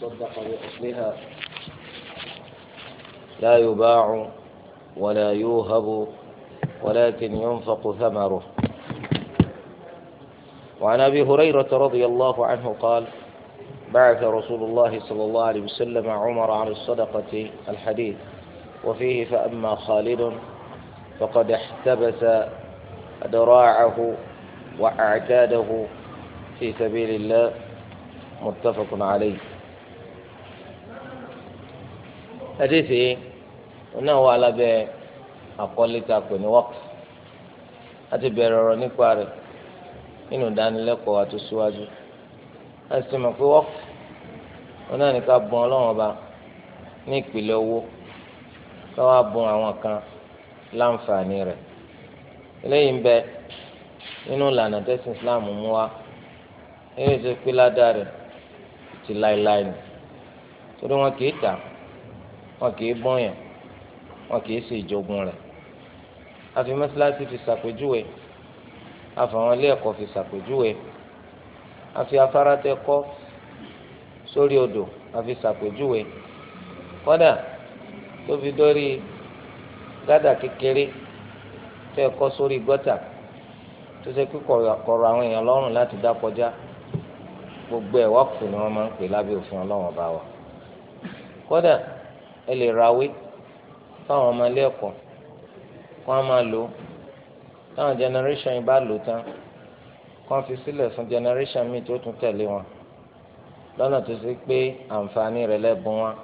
تصدق بأصلها لا يباع ولا يوهب ولكن ينفق ثمره وعن ابي هريره رضي الله عنه قال بعث رسول الله صلى الله عليه وسلم عمر عن الصدقه الحديث وفيه فاما خالد فقد احتبس ذراعه واعتاده في سبيل الله متفق عليه hadisi ọ̀nà wà lábẹ́ àkọlé tá pè ní wọ́ọ̀kì láti bẹ̀rẹ̀ ọ̀rọ̀ nípa rẹ̀ nínú ìdánilẹ́kọ̀ọ́ láti sọ ma pé wọ́ọ̀kì ọ̀nà ọlọ́wọ́n ní ìpìlẹ̀ kan láǹfààní rẹ̀ eléyìí ń bẹ nínú ìlànà tẹ́sí Islam mú wa eré tó pé ládàá rẹ̀ ti láéláé ni torí wọn kì í tà wọn kì í bọ́yàn wọn kì í ṣe ìjogun rẹ̀ àfi mọ́sálásí fi ṣàpèjúwe àfàwọn ilé ẹ̀kọ́ fi ṣàpèjúwe àfi afárá tẹ kọ́ sórí odò àfi ṣàpèjúwe kọ́dà tó fi dórí gádà kékeré tẹ kọ́ sórí gọ́tà tó ṣe kíkọ̀ kọ̀rọ̀ àwọn èèyàn lọ́rùn láti dá kọjá gbogbo ẹ̀ wọ́pù ni wọ́n máa ń pè lábẹ́ òfin ọlọ́wọ́n bá wa kódà ẹ lè rawé fáwọn ọmọ ilé ẹ̀kọ́ kó wọn máa lò ó táwọn generation yìí bá lò ó tán kó wọn fi sílẹ̀ fún generation míì tó tún tẹ̀lé wọn lọ́nà tó ṣe pé àǹfààní rẹ̀ lẹ́bùn wọn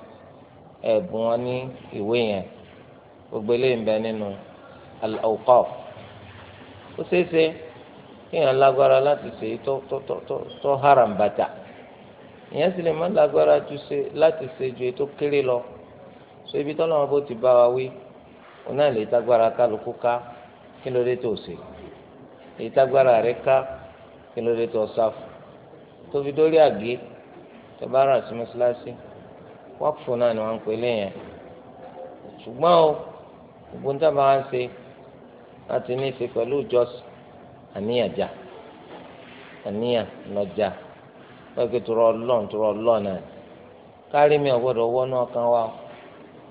ẹ̀bùn wọn ní ìwé yẹn gbogbo eléyìí ń bẹ nínú al ó ṣeéṣe kéèyàn lágbára láti ṣe tó tó tó tó haram bàtà ìyẹn sì lè má lágbára láti ṣe ju ètò kéré lọ so ibi tọ́lọ́ wọn bó ti bá wa wí òun náà lè tágbára kálukú ká kí ló dé tó ṣe lè tágbára rẹ ká kí ló dé tó ṣáfù tóbi dórí àgé tó bá rà sí mọ́ṣáláṣí wákùfù náà ni wọ́n ń pè léyìn ṣùgbọ́n o ògùn tá a ń ṣe láti ní í ṣe pẹ̀lú ìjọsìn àníyàn àníyàn lọ́jà lọ́kẹ́ tó rọ ọlọ́run tó ọlọ́run náà kárí mi ọ̀gbọ́dọ̀ wọ́nú ọkàn wa o.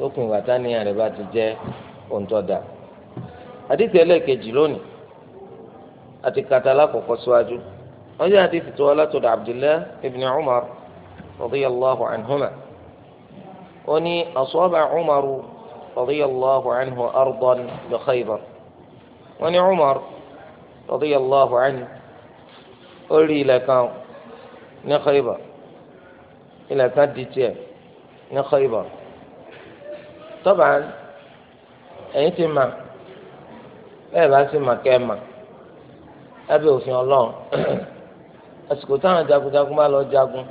lókun ìgbà táníyàn rẹ̀ bá ti jẹ́ ohun tó dáa àdìsí ẹlẹ́ẹ̀kejì lónìí àti kàtàlá kọ̀kọ́ síwájú wọ́n jẹ́ àdìsí tó ọlátọ̀dọ̀ Abdullah ibn Umar radiyallahu anhuma ó ní asaba Umaru radiyallahu anhu ardan bi Khaybar wọ́n ní Umar radiyallahu anhu ó rí ilẹ̀ kan ní Khaybar ilẹ̀ tọ́ba ẹ̀yin ti mà bẹ́ẹ̀ bá sì mà kẹ́ ẹ̀ mà lábẹ́ òfin ọlọ́run àsìkò táwọn jagunjagun bá lọ jagun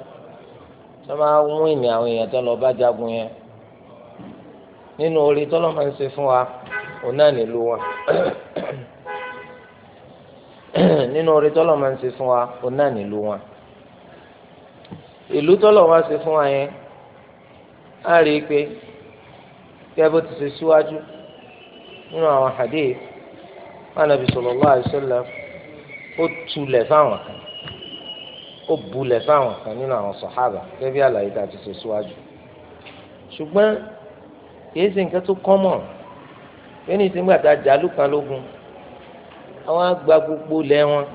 tó máa wún ìní àwọn èèyàn tó lọ bá jagun yẹn nínú orí tọ́lọ́ máa ń ṣe fún wa òun náà nílùú wa nínú orí tọ́lọ̀ máa ń ṣe fún wa òun náà nílùú wa ìlú tọ́lọ̀ wá ṣe fún wa yẹn á rí i pé كيف bó ti ṣe síwájú حديث. أنا hadith Ànábì sallallahu alaihi wasallam ó tulẹ̀ fáwọn kan ó bulẹ̀ fáwọn kan nínú àwọn sàhábà gẹ́gẹ́ bí àlàyé tá a ti ṣe síwájú ṣùgbọ́n kìí ṣe nǹkan tó kọ́mọ̀ yóò ní ìsìnkú àti àjálù kan lógun àwọn àgbà gbogbo lẹ̀ wọn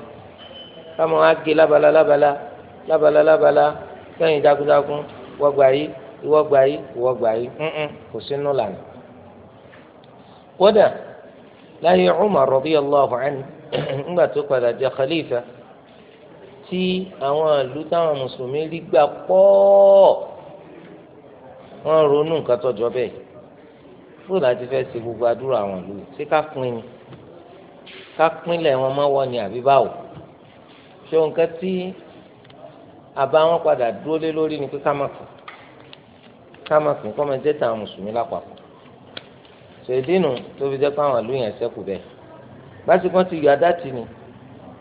káwọn àgé lábala lábala lábala jagunjagun wọgbà yìí ìwọ gbà yìí ìwọ gbà yìí ǹǹ kò sínú lànà. kódà láyé Umar radiyallahu anhu ńgbà tó padà jẹ khalifa tí àwọn ìlú táwọn mùsùlùmí rí gbà pọ̀ wọ́n ronú nǹkan tọ́jọ́ bẹ́ẹ̀ fún láti fẹ́ ṣe gbogbo àdúrà àwọn ìlú ṣé ká pín ni ká pínlẹ̀ wọn mọ́ wọ́n ni àbí báwo ṣé nǹkan tí àbá wọn padà dúró lé lórí ni pé ká má kù ká máa fún kọ́ máa jẹ́ tàwọn mùsùlùmí lápapọ̀ ṣèdínù tó fi jẹ́ pé àwọn ìlú yẹn ṣẹ́kù bẹ́ẹ̀ básìkò ti yọ adáti ni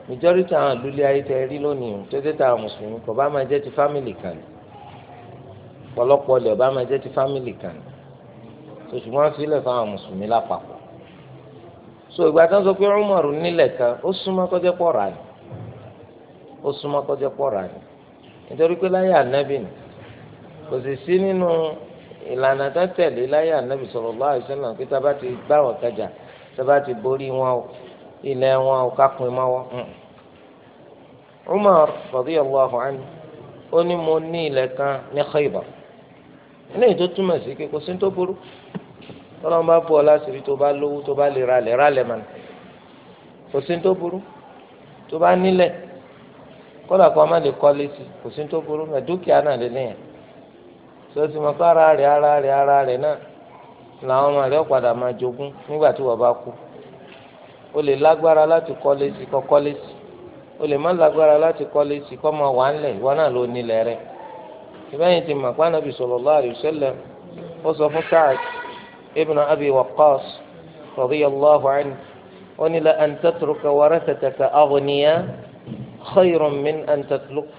majority àwọn ìlúlé ayé tẹ rí lónìí tó jẹ́ tàwọn mùsùlùmí kò bá máa jẹ́ ti fámìlì kan pọ̀lọpọ̀ lẹ̀ bá máa jẹ́ ti fámìlì kan ṣùgbọ́n sílẹ̀ fáwọn mùsùlùmí lápapọ̀ so ìgbà tó ń sọ pé Umaru nílẹ̀ kan ó súnmọ́ kọjá pọ̀ rà ní ó súnmọ́ kọjá pọ̀ rà ní nítorí pé láyé ànábì ni kò sì sí nínú ìlànà tó tẹ̀lé láyé ànábì sallallahu alaihi wasallam pé tábà ti gbá wọn kájà tábà ti borí wọn o ilẹ̀ wọn o kápin mọ́wọ́. Umar radiyallahu anhu ó ní mo ní ilẹ̀ kan ní Khaybar eléyìí tó túmọ̀ sí pé kò sí tó burú tọ́lọ́n bá bu ọlá síbi tó bá lówó tó bá lè ralẹ̀ ralẹ̀ mọ́ni kò sí tó burú tó bá nílẹ̀ kódà kó má lè kọ́lé sí kò sí tó burú mẹ́ dúkìá náà lé lẹ́yìn sọsì mọ pé ara rẹ̀ ara rẹ̀ ara rẹ̀ náà làwọn ọmọ rẹ̀ padà máa jogún nígbà tí wọ́n bá kú o lè lágbára láti kọ́lé sí kọ́ kọ́lé sí o lè má lágbára láti kọ́lé sí kọ́ máa wà ńlẹ̀ ìwọ náà ló nílẹ̀ rẹ̀ ìbẹ́yìn ti mọ̀ pé Ànábì sallallahu alaihi wasallam ó sọ fún Sa'd ibn Abi Waqqas radiyallahu anhu ó ní la an tatruka warathataka aghniya khayrun min an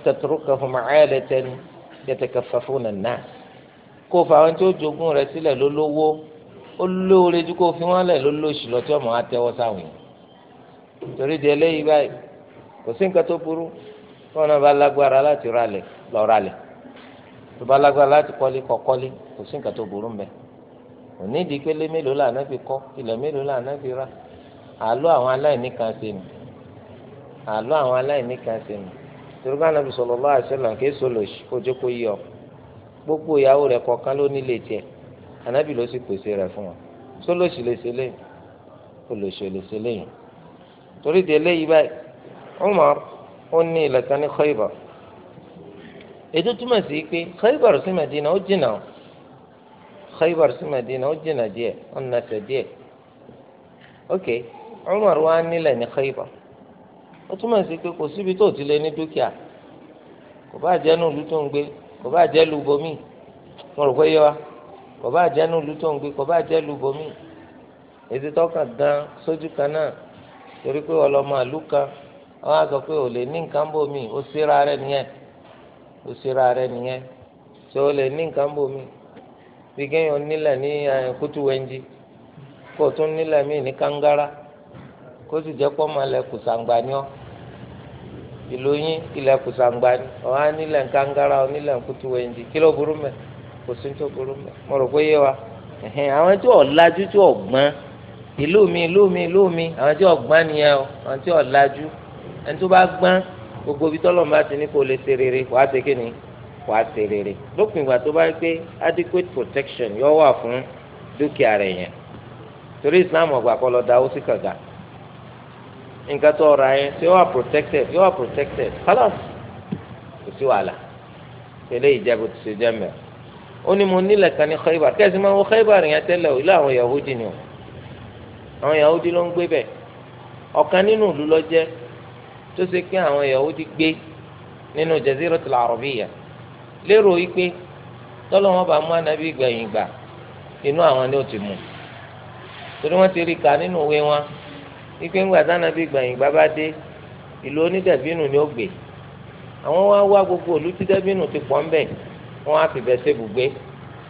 tatrukahum 'alatan yatakaffafuna an-nas kó o fa àwọn tí ó jogún rẹ sílẹ̀ lólówó ó lóore ju kó o fi wọn lẹ̀ lólóṣù lọ tí ọmọ wa tẹ́wọ́ sáwìn torí di eléyìí báyìí kò sí nǹkan tó burú wọn náà bá lágbára láti ralẹ̀ lọ ralẹ̀ tó bá lágbára láti kọ́lé kọ́ kọ́lé kò sí nǹkan tó burú mbẹ onídìí pélé mélòó là náà fi kọ́ ilẹ̀ mélòó là náà fi rà àlọ́ àwọn aláìní kan ṣe nù àlọ́ àwọn aláìní kan ṣe nù torí bá nàbì sallallahu alaihi wasallam kí èso lòṣì kó yí ọ gbogbo ìyàwó rẹ̀ kọ̀ọ̀kan ló nílé tiẹ̀ ànábì ló sì pèsè rẹ̀ fún wọn tó lòsì lè ṣe lẹ́yìn tó lòsì lè ṣe lẹ́yìn torí de eléyìí báyìí Umar ó ní ilẹ̀ kan ní Khaybar ètò túmọ̀ sí pé Khaybar sí Madina ó jìnnà o Khaybar sí Madina ó jìnnà díẹ̀ ó nà sẹ̀ díẹ̀ ok Umar wa nílẹ̀ ní Khaybar ó túmọ̀ sí pé kò síbi tó ti lé ní dúkìá kò bá jẹ́ ní ìlú tó ń gbé kò jẹ lu bomi wọn rò pé yẹ wa nu lu tó ń gbé lu bomi tọ́ka gan sójú kan náà torí pé àlù kan wọn á sọ pé ò lè ní nǹkan bomi ó síra rẹ nìyẹn ó síra rẹ nìyẹn tó o lè ní nǹkan bomi bí kéèyàn nílẹ̀ ní kútùwẹ́njì kó o ìlú yín ilẹ̀ kùsàǹgbani ọ̀hán nílẹ̀ nkangara onílẹ̀ nkutuwẹ̀ndì kí ló burú mẹ́ kò sí tó burú mẹ́ mo rò pé yé wa àwọn tí ọ̀làjú tí ọ̀gbọ́n ìlú mi ìlú mi ìlú mi àwọn tí ọ̀gbọ́n nìyẹn o àwọn tí ọ̀làjú ẹni tó bá gbọ́n gbogbo ibi tọ́lọ̀ bá ti ní kó lè ṣe rere wàá ṣe kí ni wàá ṣe rere lópin ìgbà tó bá yẹ pé adequate protection yóò wà fún dúkìá rẹ̀ yẹn torí Islam ọ̀gbà kọ́ dáwó sí kànga nǹkan tó ọ̀rọ̀ ayé ṣé wà protected yóò wà protected kálọ̀s kò sí wàhálà eléyìí jẹ́ bó ti ṣe jẹ́ mẹ́rin ó ní mo nílẹ̀ kan ní Khaybar kẹ́sì máa ń wọ Khaybar yẹn tẹ́lẹ̀ o ilé àwọn Yahudi ni o àwọn Yahudi ló ń gbé bẹ̀ ọ̀kan nínú ìlú lọ jẹ́ tó ṣe pé àwọn Yahudi gbé nínú Jaziratul Arabiyya lérò wípé tọ́lọ́ wọn bá mú anábì gbẹ̀yìn gbà inú àwọn ni ó ti mú torí wọ́n ti rí ka nínú òwe wọn wípé ńgbà tánàbí gbàyìn bàbá dé ìlú onídàbínú ni ó gbé àwọn wá wá gbogbo òlú tí dàbínú ti pọ̀ ńbẹ̀ wọ́n á fìbẹ̀ ṣe bùgbé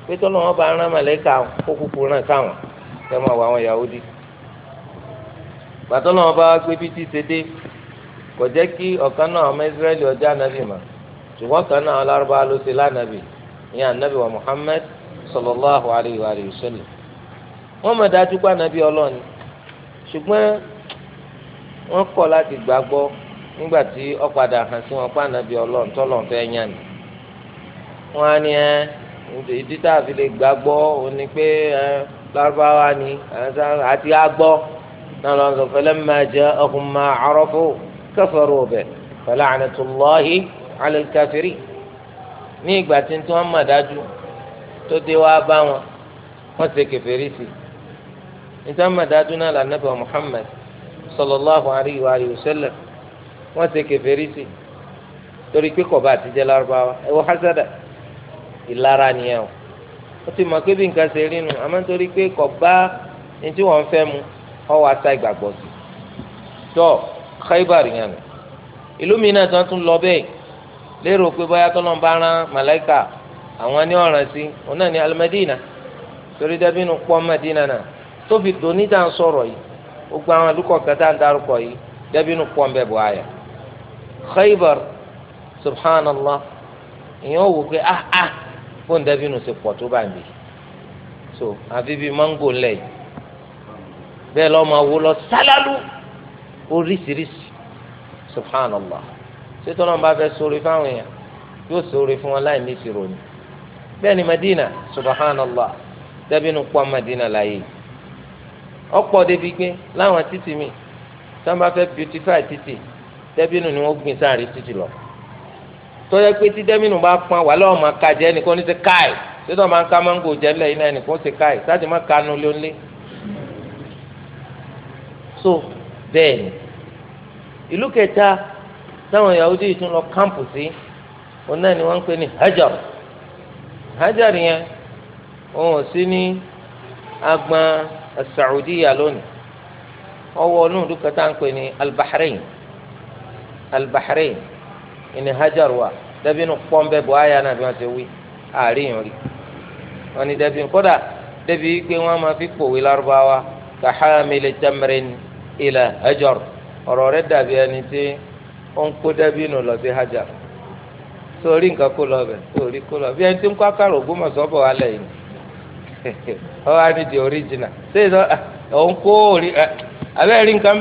pé tọ́lọ́ wọn bá rán màlẹ́kà kó kúkú ràn káwọn kẹ́ máa wọ àwọn Yahudi gbàtọ́lọ́ wọn bá wá pé bí ti ṣe dé kò jẹ́ kí ọ̀kan náà ọmọ Israẹli ọjọ́ ànábì mà ṣùgbọ́n kan náà alárúbáwá ló ṣe lánàbì ìyẹn ànábì wa Muhammad sallallahu alayhi wa sallam wọ́n mọ̀ dájú pé ànábì ọlọ́ni ṣùgbọ́n wọn kọ láti gbàgbọ́ nígbà tí ọ̀padà hàn sí wọn pa ànábì ọlọ́run tọ́lọ́run fẹ́ yàn á ní ẹ ìdí tá a fi lè gbàgbọ́ ó pé ẹ lárúbáwá ni àti àgbọ́ náà lọ́n sọ falamma ja'ahum ma arafu kafaru bihi fala'natullahi 'ala al-kafirin. ní ìgbà tí i. sallallahu alayhi wa alihi wa sallam wọ́n ṣe kèfèrí sí torí pé kọba àtijọ́ lárúbáwá ẹ wọ hasada ìlara nìyẹn o wọ́n ti mọ̀ pé bí nǹkan ṣe rí nu àmọ́ nítorí pé kọba ní tí wọ́n fẹ́ mu ọwọ́ ata ìgbàgbọ́ sí tọ́ Khaybar yẹn nù ìlú mi náà tí wọ́n tún lọ bẹ́ẹ̀ lérò pé bóyá tọ́lọ́n bá rán màláìka àwọn ní ọ̀ràn sí òun náà ní al torí dẹ́bínú pọ́ Madina náà tó fi dòní dá sọ̀rọ̀ yìí gbogbo àwọn àdúkọ̀ kẹta ń darúkọ yìí dẹ́bínú pọ̀ ń bẹ̀ bọ̀ àyà Khaybar subhanallah èèyàn wò pé ah ah fóun dẹ́bínú ṣe pọ̀ tó bá mi so àfi bíi mango lẹ̀ yìí bẹ́ẹ̀ lọ́ máa wo lọ sálálú oríṣiríṣi subhanallah ṣètò náà bá fẹ́ sórí fáwọn èèyàn yóò sórí fún wọn láì ní ìṣirò ni bẹ́ẹ̀ ni Madina subhanallah dẹ́bínú pọ̀ Madina láyé yìí ọ̀pọ̀ débi gbé láwọn títì mi tí wọ́n bá fẹ́ beautify títì dẹ́bínú ni wọ́n gbìn sáàrí títì lọ tọ́jà pé tí dẹ́bínú bá pọn wà lọ́wọ́ máa ka jẹ́ ẹnìkan ní ti káì títọ́ máa ń ka máńgò jẹ́ lẹ́yìn náà ẹnìkan ti káì sáàtì máa ka nu lónìí so bẹ́ẹ̀ ni ìlú kẹta táwọn Yahudi yìí tún lọ kámpù sí òun náà ni wọ́n ń pè ní Hajar Hajar yẹn òun ò sí ní agbọn. Saudiya lónìí ọwọ́ inú ìlú kẹta ń pè ní Al-Bahrain Al-Bahrain ìní hajar wa dẹ́bínú pọ́ńbẹ́ bọ́ àyà náà bí wọ́n ti wí àárín rí wọn ni dẹ́bínú kódà dẹ́bí pé wọ́n máa fi pòwe lárúbáwá kàhámilé tẹ́mẹrin ilẹ̀ hajar ọ̀rọ̀ rẹ̀ dàbí ẹni tí ó ń kó dẹ́bínú lọ sí hajar sórí nǹkan kó lọ bẹ̀ sórí kó lọ bí ẹni tí ń kó akárò ògbómọ̀ṣọ́ bọ̀ wálẹ̀ yìí ọ wá ní di original ṣé ìsọ ah, òun kó orí eh, rí nǹkan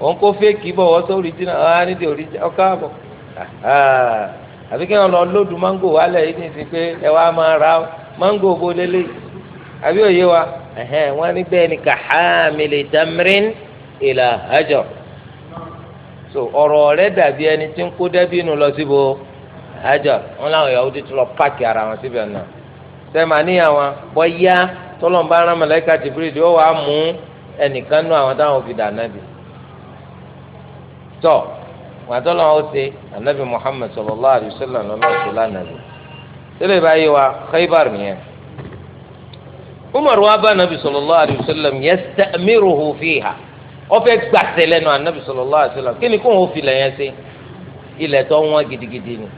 òun kó bọ̀ wọ́n sọ ọ wá ní di ọ káàbọ̀ ah, ah. kí wọn lọ lóòdù mango yìí pé ẹ wá máa ra mango bó lélẹ̀ àbí òye wa wọn ní bẹ́ẹ̀ ni ìlà so ọ̀rọ̀ dàbí ẹni tí ń kó dẹ́bí inú lọ síbo wọn làwọn ti lọ ara wọn síbẹ̀ náà. sẹ́mi àníyàn wọn bọ́yá tọ́lọ́mbà ara màláíkà Jibril yóò wá mú ẹnìkan nú àwọn táwọn fi dà nábì tọ́ wàtọ́lọ́ wọn ó ṣe ànábì Muhammad sallallahu alaihi wasallam lọ́sọ̀lá nàbì tẹ́lẹ̀ báyìí wa Khaybar nìyẹn umar wa bá nabi sallallahu alayhi wa sallam yastamiruhu fiha ọfẹ gbàsẹ lẹ́nu anabi sallallahu alayhi wa sallam kí kò ń fi lẹ́yìn ẹsẹ ilẹ̀ tó ń wọ́n gidigidi ni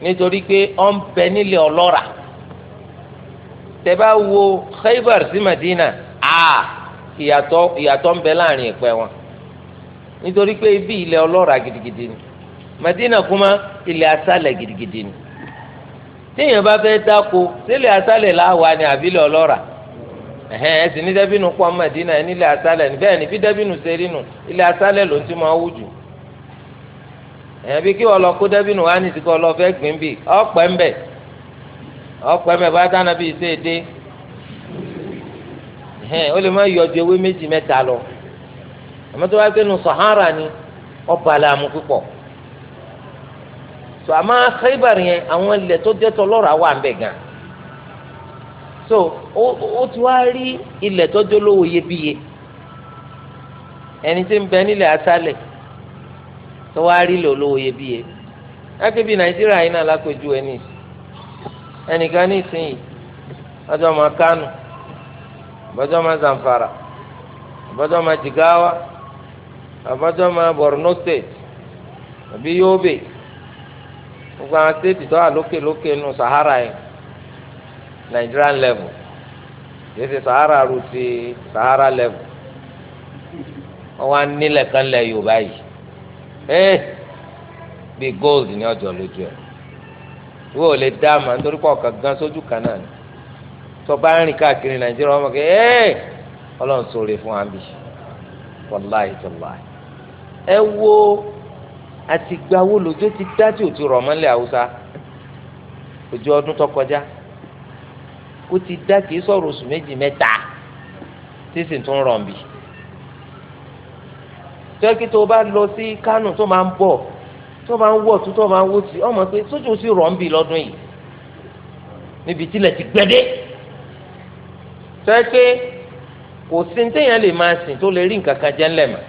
nítorí pé ó ń bẹ nílẹ̀ ọlọ́ra tẹ́bá wo Khaybar sí Madina a ìyàtọ̀ ìyàtọ̀ ń bẹ láàrin ìpẹ́ wọn nítorí pé ibi ilẹ̀ ọlọ́ra gidigidi ni Madina kuma ilẹ̀ asálẹ̀ gidigidi ni téèyàn bá fẹ́ dáko sílẹ̀ asálẹ̀ láwa ni àbílẹ̀ ọlọ́ra ẹ̀hẹ́n ẹ̀sìn ní dẹ́bínú pọ́n Madina ẹ̀ nílẹ̀ asálẹ̀ níbẹ̀ ní bí dẹ́bínú ṣe rí nu ilẹ̀ asálẹ̀ ló ń ti máa wù jù ẹ̀bí kí wọ́n lọ kó dẹ́bìnú wá ní ìsìnkú ọlọ́fẹ́ gbìn bì ọ̀pẹ́ ń bẹ̀ ọ̀pẹ́ ń bẹ̀ bá dáná bíi ṣe é dé hẹ́n ó lè má yọ ju ewé méjì mẹ́ta lọ àmọ́ tó wá pé sahara ni ọba làmú púpọ̀ tó àmọ́ Khaybar yẹn àwọn ilẹ̀ tó jẹ́ tọlọ́rọ̀ àwa ń gan so ó ti wá rí ilẹ̀ tó jólówó iyebíye ẹni tí ń bẹ nílẹ̀ asálẹ̀ tó wá rí lò lówó iyebíye lákébí nàìjíríà yìí náà lápẹjù ẹni ẹnìkan ní ìsinyìí ọjọ́ ọmọ kánò ọjọ́ ọmọ zamfara ọjọ́ ọmọ jigawa ọjọ́ ọmọ borno state àbí yobe gbogbo àwọn stéètì tó wà lókè lókè nù sahara yìí nigerian level yìí sahara rú ti sahara level wọn wá nílẹ̀ kan lẹ̀ yorùbá yìí ee eh, bíi gold ní ọjọ́ lójú ẹ̀ ole ò dá àmà nítorí pé ọ̀kan gan sójú kan náà ni tó bá ń rìn káàkiri nàìjíríà wọn mọ̀ ee eh! ọlọ́run sóore fún bí ẹ wo àtìgbàwo lójó ti dá tí ò ti rọ̀ mọ́lẹ̀ haúsá ojú ọdún tó ti dá kee sọ̀rọ̀ oṣù méjì meta, tí sì tún tẹ́kí tó bá lọ sí kánò tó máa ń bọ̀ tó máa ń wọ̀ tó tó máa ń wọ̀ sí ọmọ pé sójú sí rọ̀ ń bì lọ́dún yìí níbi tílẹ̀ ti gbẹ́dẹ́ tẹ́kí kò sí ní téèyàn lè máa sìn tó lè rí nǹkan kan jẹ́ ńlẹ̀ mọ́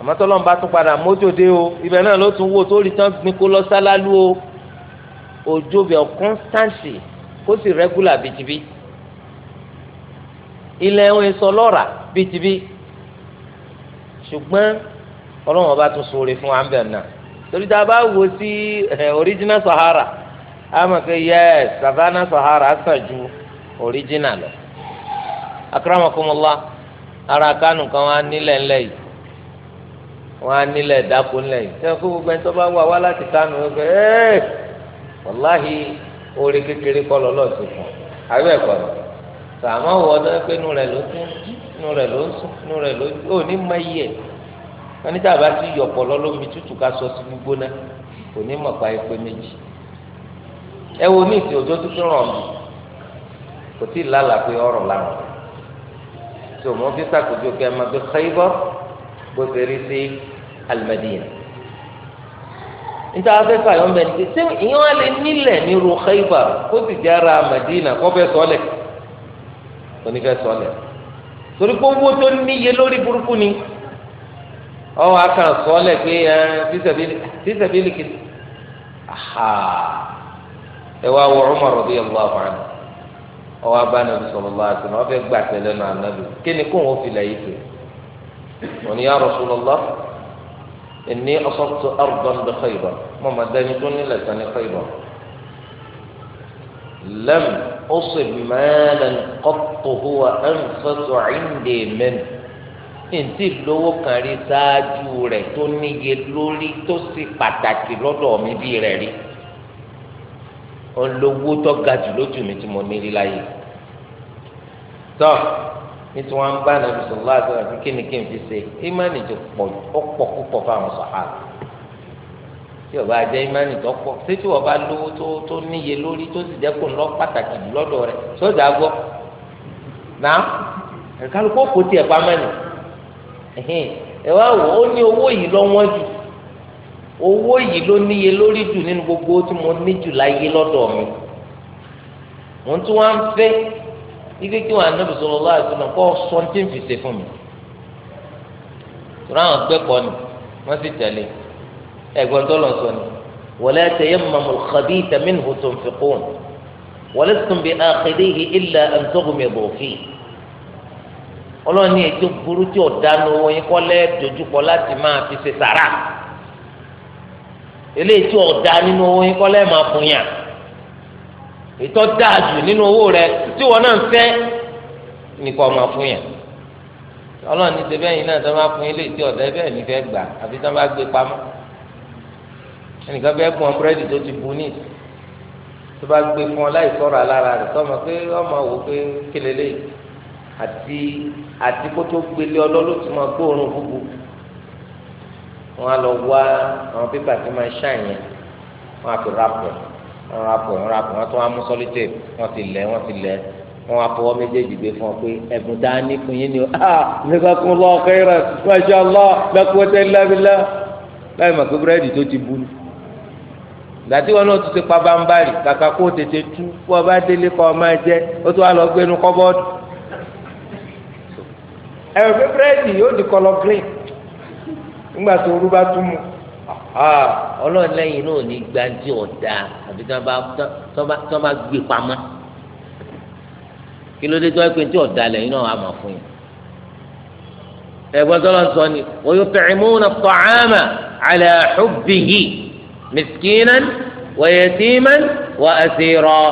àmọ́ tọ́lọ́n bá tún padà mójó o ibẹ̀ náà ló tún wò tó rí tán gbin kó lọ sálálú o òjò bẹ̀ constancy kó sì regular bìtìbí ilẹ̀ ń sọ lọ́ra bìtìbí. ṣùgbọ́n ọlọ́run ọba tún fún wa ń bẹ̀ náà torí tá a bá wo eh, original sahara a mọ̀ pé yes savannah sahara sàn ju original lọ akramakumullah ara kanu kan wá nílẹ̀ ńlẹ̀ yìí wọ́n á nílẹ̀ dáko ńlẹ̀ yìí ṣé kó gbogbo ẹni tó bá wà wá láti kánù ó gbé ẹ́ẹ́ wàláhì kékeré kọ́ lọ́lọ́ọ̀sì fún un rẹ̀ ló tún jí. inú rẹ̀ ló ń sùn inú rẹ̀ ló ó ní mọ iye wọn ní tàbá ti yọ ọpọlọ lómi tútù ká sọ sí gbígbóná kò ní mọ̀ pa epe méjì ẹ wo ní ìsìn òjò tó rọ̀ mi kò tí ì lálà pé ọ̀rọ̀ làwọn tó mọ fi sàkójú kẹ máa fi Khaybar bó ṣe rí sí al níta afẹ́ fàyọ̀ ń bẹ̀ ní pé ṣé ìyẹn nílẹ̀ ní ru kó sì jẹ́ ara Madina kó fẹ́ sọ́lẹ̀ kò ní fẹ́ sọ́lẹ̀ torí pé owó tó níye lórí burúkú ni ọwọ́ akàn sọ́ọ́lẹ̀ pé sísẹ̀bílì kìí aha ẹ wá wọ Umar radiyallahu anhu ọwọ́ abánabi sallallahu alaihi wasallam ọ̀fẹ́ gbà tẹ́lẹ̀ náà nàbì kí ni kóun ó fi lẹ̀ yìí tó wọn ya Rasulullah inni asabtu ardan bi Khaybar mọ̀ mọ̀ dání tó nílẹ̀ sani Khaybar lẹ́mù. أصب مالا قط هو أنفس عندي منه ntí lówó kan rí ṣáájú rẹ̀ tó níye lórí tó sì pàtàkì lọ́dọ̀ mi bí rẹ̀ rí olówó tó ga jù lójú mi tí mo ní rí láyé tọ ní tí wọn bá nàbì sọlá àti àti kíni kí n fi ṣe ìmánìjọ pọ̀ ọ̀pọ̀ púpọ̀ fáwọn sọhárà tí o bá jẹ imáni tó pọ̀ sétí o bá lówó tó tó níye lórí tó sì jẹ kó lọ pàtàkì jù lọ́dọ̀ sójà gbọ́ nà kálukó kò tiẹ̀ yi nì ẹ wá wò ó ní owó yìí jù owó gbogbo tí mo ní jù láyé lọ́dọ̀ mi mo tún wá ń fẹ́ ike kí wọn ànábì sọlọ lọ àti náà kọ sọ ní tí ń fi ṣe fún mi tó ẹ̀gbọ́n tó lọ sọ ni wala tayammamul khabitha minhu tunfiqun walastum bi akhidhihi illa an tughmidu fihi ọlọ́ni ètò burú tí ò dánu owó yín kọ́lẹ́ dojúkọ láti máa fi ṣe sàrà eléyìí tí ò dá nínú owó yín kọ́lẹ́ máa fún yàn ètò dáàjù nínú owó rẹ tí wọn náà ń fẹ́ nìkan máa fún yàn ọlọ́ni ṣe bẹ́ẹ̀ yín náà tó máa fún eléyìí tí ò dá bẹ́ẹ̀ nífẹ̀ẹ́ gbà àfi tó máa gbé pamọ́ ẹnìkan bẹ́ẹ̀ bùn búrẹ́dì tó ti bu ní tó bá gbé fún ọ láì sọ̀rọ̀ alára rẹ̀ tọ́mọ pé ọmọ wò pé kélélé àti àti kó tó gbélé ọlọ́lọ́ tó máa gbóòórùn gbogbo wọn á lọ wá àwọn pépà tó máa ṣàn yẹn wọn á fi rápọ̀ wọn rápọ̀ wọn rápọ̀ wọn tó wọn mú sọ́lítẹ̀ wọn ti lẹ̀ wọn ti lẹ̀ wọn á fọwọ́ méjèèjì gbé fún ọ pé ẹ̀bùn dání fún yín ni ó ah nígbà kún lọ́ọ́ kẹ́rẹ́ máṣá Allah lẹ́kùn tẹ́lẹ̀ lábílá láì mọ̀ pé búrẹ́dì tó ti bu ni gbàtí wọn náà tún ti pabambari kàkà kó tètè tú kó ọba délé kó ọmọ jẹ ó tún wà lọ gbénu kọbọọdù ẹ̀rọ pé búrẹ́dì yóò di kọlọ green nígbà tó orú bá tún mu ọlọ́run lẹ́yìn náà ní gbáǹdì ọ̀dà àbí tí wọ́n bá gbé pamọ́ kí ló dé tó ẹ pé tí ọ̀dà lẹ́yìn náà wà máa fún yín ẹ̀gbọ́n tó sọ ni wọ́n yóò fẹ̀rẹ̀ mú un náà pọ̀ àmà àlẹ́ àhùbìyì miskinan wa yatiman wa asira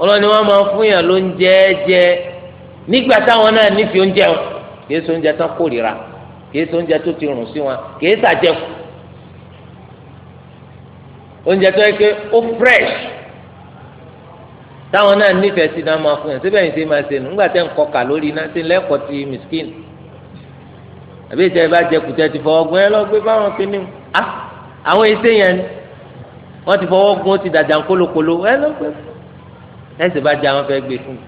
ọlọ́ni wọn máa fún yàn ló ń jẹ́ẹ́jẹ́ nígbà táwọn náà nífẹ̀ẹ́ oúnjẹ wọn kìí sọ oúnjẹ tán kórìíra kìí sọ oúnjẹ tó ti rùn sí wọn kìí sàjẹkù oúnjẹ tó yẹ pé ó fresh táwọn náà nífẹ̀ẹ́ sí náà máa fún yàn síbẹ̀ yìí ṣe máa ṣe nù nígbà tẹ́ ń kọ kà lórí iná sí lẹ́kọ̀ọ́ ti miskin àbí ìjẹ́ ìbá jẹ kùtẹ́ ti fọwọ́ gbọ́n ẹ lọ gbé báwọn kí ni ah àwọn ẹsẹ yẹn wọ́n ti fọwọ́ gún ti dàjà ń kólókóló ẹ ló gbé ẹsẹ̀ bá jẹ àwọn fẹ́ gbé fún mi.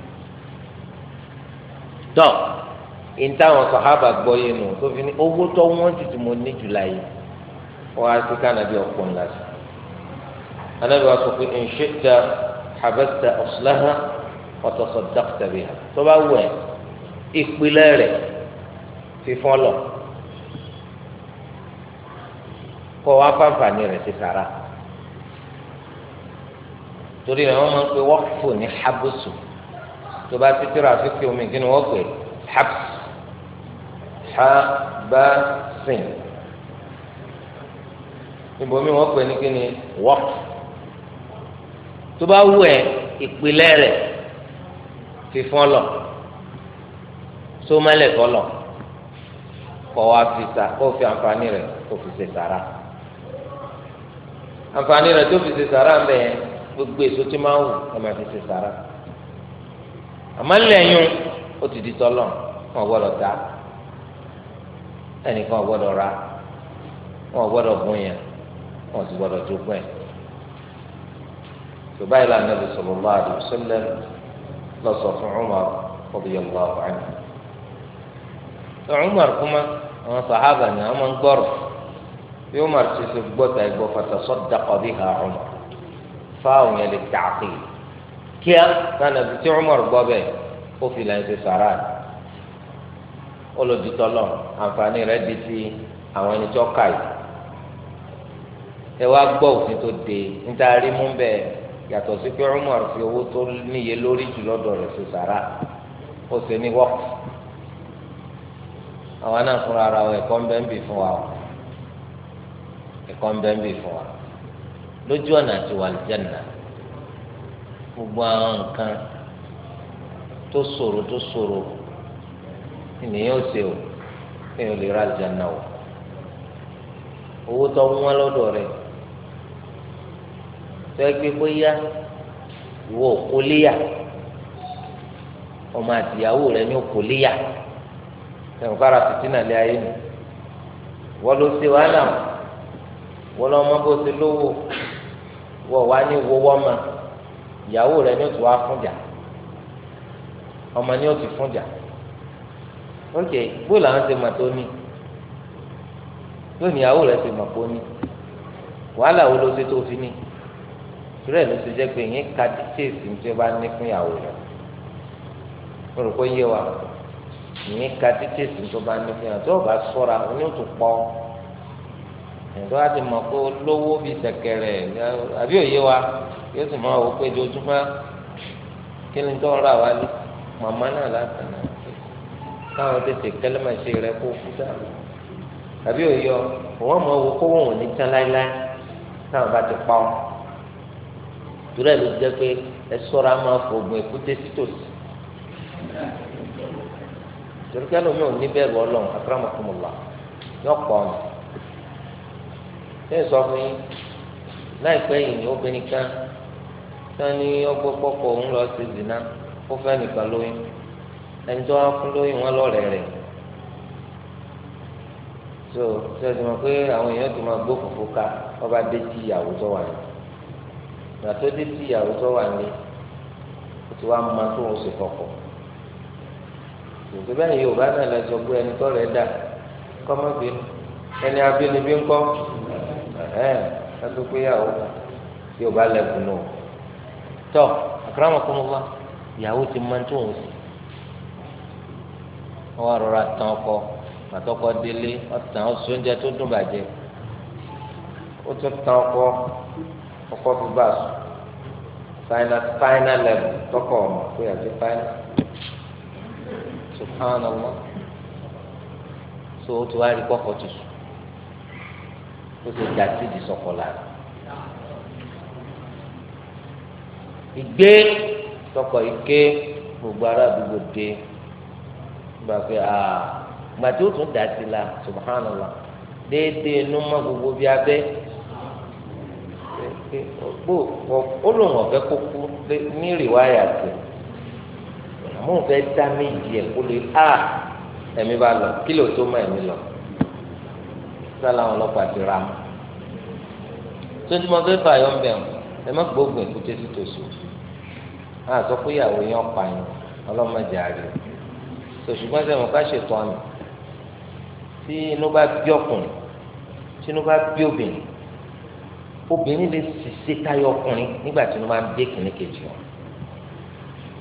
tọ́ ìyẹn táwọn sọ̀hábà gbọ́ yẹn nù tó fi ní owó tó wọ́n ti tì ní jùlá yìí wọ́n á sí kánàbí ọ̀pọ̀ ńlá sí. anábì wa sọ pé ìṣèjà habẹ́sẹ̀ ọ̀ṣùláhà ọ̀tọ̀sọ̀ dàkítàbí ha tó bá wù ẹ́ ìpìlẹ̀ lọ. kọ́ wá fáfàní rẹ̀ sí sàrà torí rẹ̀ wọ́n máa ń pe wọ́pù ní habusu tó bá ti tíra fífi omi kí ni wọ́n pè habs habasin níbo mi wọ́n pè ní kí ni wọ́pù tó bá wù ẹ́ ìpìlẹ̀ rẹ̀ fífọ́n lọ sómálẹ̀ fọ́lọ̀ kọ́ wá fi sa kó fi àǹfààní rẹ̀ kó fi ṣe sàrà àǹfààní rẹ̀ tó fi ṣe sàrà ń bẹ̀ yẹn gbogbo èso tí máa ń wù ẹ máa fi ṣe sàrà àmọ́ lẹ́yìn ó ti di tọ́lọ̀ wọn gbọ́dọ̀ ta ẹnìkan gbọ́dọ̀ ra wọn gbọ́dọ̀ bùn yẹn wọn sì gbọ́dọ̀ tó pẹ́ tó báyìí la Nabi sallallahu alaihi wasallam lọ sọ fún Umar radiyallahu anhu Umar kuma àwọn sàhábà ni àwọn máa ń gbọ́rọ̀ bí Umar ti ṣe gbọ́ta ìgbọ́ fatasaddaqa biha Umar fáwọn yẹn lè tààkì kíá sànàbí tí Umar gbọ́ bẹ́ẹ̀ ó fi lẹ́yìn ti sàrà olùdítọ́lọ̀ àǹfààní rẹ̀ di ti àwọn ẹni tó kà yìí ẹ wá gbọ́ òfin tó de níta rí mú bẹ́ẹ̀ yàtọ̀ sí pé Umar fi owó tó níye lórí jù lọ́dọ̀ rẹ̀ ṣe sàrà ó ṣe ní wọ́ọ̀kì àwọn náà fúnra ara wọn ẹ̀kọ́ ń bẹ́ẹ̀ ń bì fún wa o ẹ̀kọ́ ń bẹ́ẹ̀ bì fún wa lójú ọ̀nà àti wà lìjẹ́nà gbogbo àwọn nǹkan tó ṣòro tó ṣòro ènìyàn ò ṣe o ènìyàn ò lè ra àlìjẹ́nà o owó tó ń wọ́n lọ́dọ̀ rẹ̀ tó ẹgbẹ́ bóyá ìwọ òkú léyà ọmọ àtìyàwó rẹ̀ ní òkú léyà ẹ̀rù kára fìtínà lé ayé nu wọ́n ló ṣe wàhálà o wọ́n lọ́ mọ bó ti lówó wọ́n wá ní wo wọ́n mọ̀ ìyàwó rẹ̀ ní o tún wá fún jà ọmọ ní o tún fún jà ok bó làwọn ti mọ̀ tó ní lónìí ìyàwó rẹ̀ ti mọ̀ kó ní wàhálà wo ló ṣe tó fi ní rẹ̀ ló ṣe jẹ́ pé yín ka dítéèsì tí o bá ní fún ìyàwó rẹ̀ mo rò pé yé wa yín ka dítéèsì tí o bá ní fún ìyàwó tí o bá sọ́ra o ní o tún pọ́ ọ́ ẹ̀dọ́ á ti mọ̀ pé olówó bíi sẹ̀kẹ̀rẹ̀ àbí òye wa yóò sì máa wò pé ojoojúmọ́ kí ni tó ń rà wá lé màmá náà látàn náà káwọn tètè kẹlẹ́mọ̀ṣẹ́ rẹ kó kú dà àbí òye ọ òwò mọ̀ wò kó wọ́n wò ní tán láéláé táwọn bá ti pa ọ́ turẹ̀ ló jẹ́ pé ẹ máa fògùn èkúté sítòsí torí kí ẹlòmíràn ní bẹ́ẹ̀ rú ọlọ́run akérèmọ́kùnmọ́lá yọ̀pọ̀ ọ̀nà. ṣé sọ fún yín láìpẹ́ yìí ni obìnrin kan tí ní ọgbọ́ pọ́pọ́ òun lọ sí ìdìnnà ó fẹ́ nìkan lóyún ẹni tó wá fún lóyún wọn rẹ̀ so ṣe ti mọ̀ pé àwọn èèyàn ti máa gbó fòfò ká ọba dé tí ìyàwó tó wà ní ìgbà tó dé tí ìyàwó tó wà ní ó ti wá máa tó wọn bẹ́ẹ̀ Yorùbá náà ẹ̀hẹ́n ẹ̀tọ́ pé yàwó tí o bá lẹ́kùn náà Tọ, àkàràmọ̀ kọ́ mọ́ wá ìyàwó ti máa ń tó òun sí wọ́n wá rọra tán ọkọ pàtọ́kọ délé tó dùn ó tún ọkọ ọkọ fi bá a sùn final final level tọkọ ọmọ pé àti final so ó ti wá rí sùn. tó ṣe dàtí di sọkọlá ìgbé tọkọ ìké gbogbo ará àdúgbò dé gba pé aa gbàtí ó tún dàtí la subhanallah déédéé inú mọ gbogbo bí abẹ gbó ó lóun ọ̀fẹ́ kókó ní rìwáyà tẹ̀ àmọ́ òun fẹ́ dá méjì ẹ̀ kó lè a ẹ̀mí bá lọ kí ló tó mọ ẹ̀mí lọ sálà wọn ọlọ́pàá ti ra mọ́ tó ní mo fẹ́ fà yọ ńbẹ̀ wọn ẹ má gbóògùn èkúté sí tòṣù á sọ pé ìyàwó yẹn ọ̀pá yẹn ọlọ́mọdé àárẹ̀ tòṣùgbọ́n sẹ́wọ̀n ká ṣètò ọ̀nà tí inú bá bí ọkùnrin tí inú bá bí obìnrin obìnrin lè ṣiṣẹ́ táyọ̀ ọkùnrin nígbà tí inú bá ń dé kìnnìkejì wọn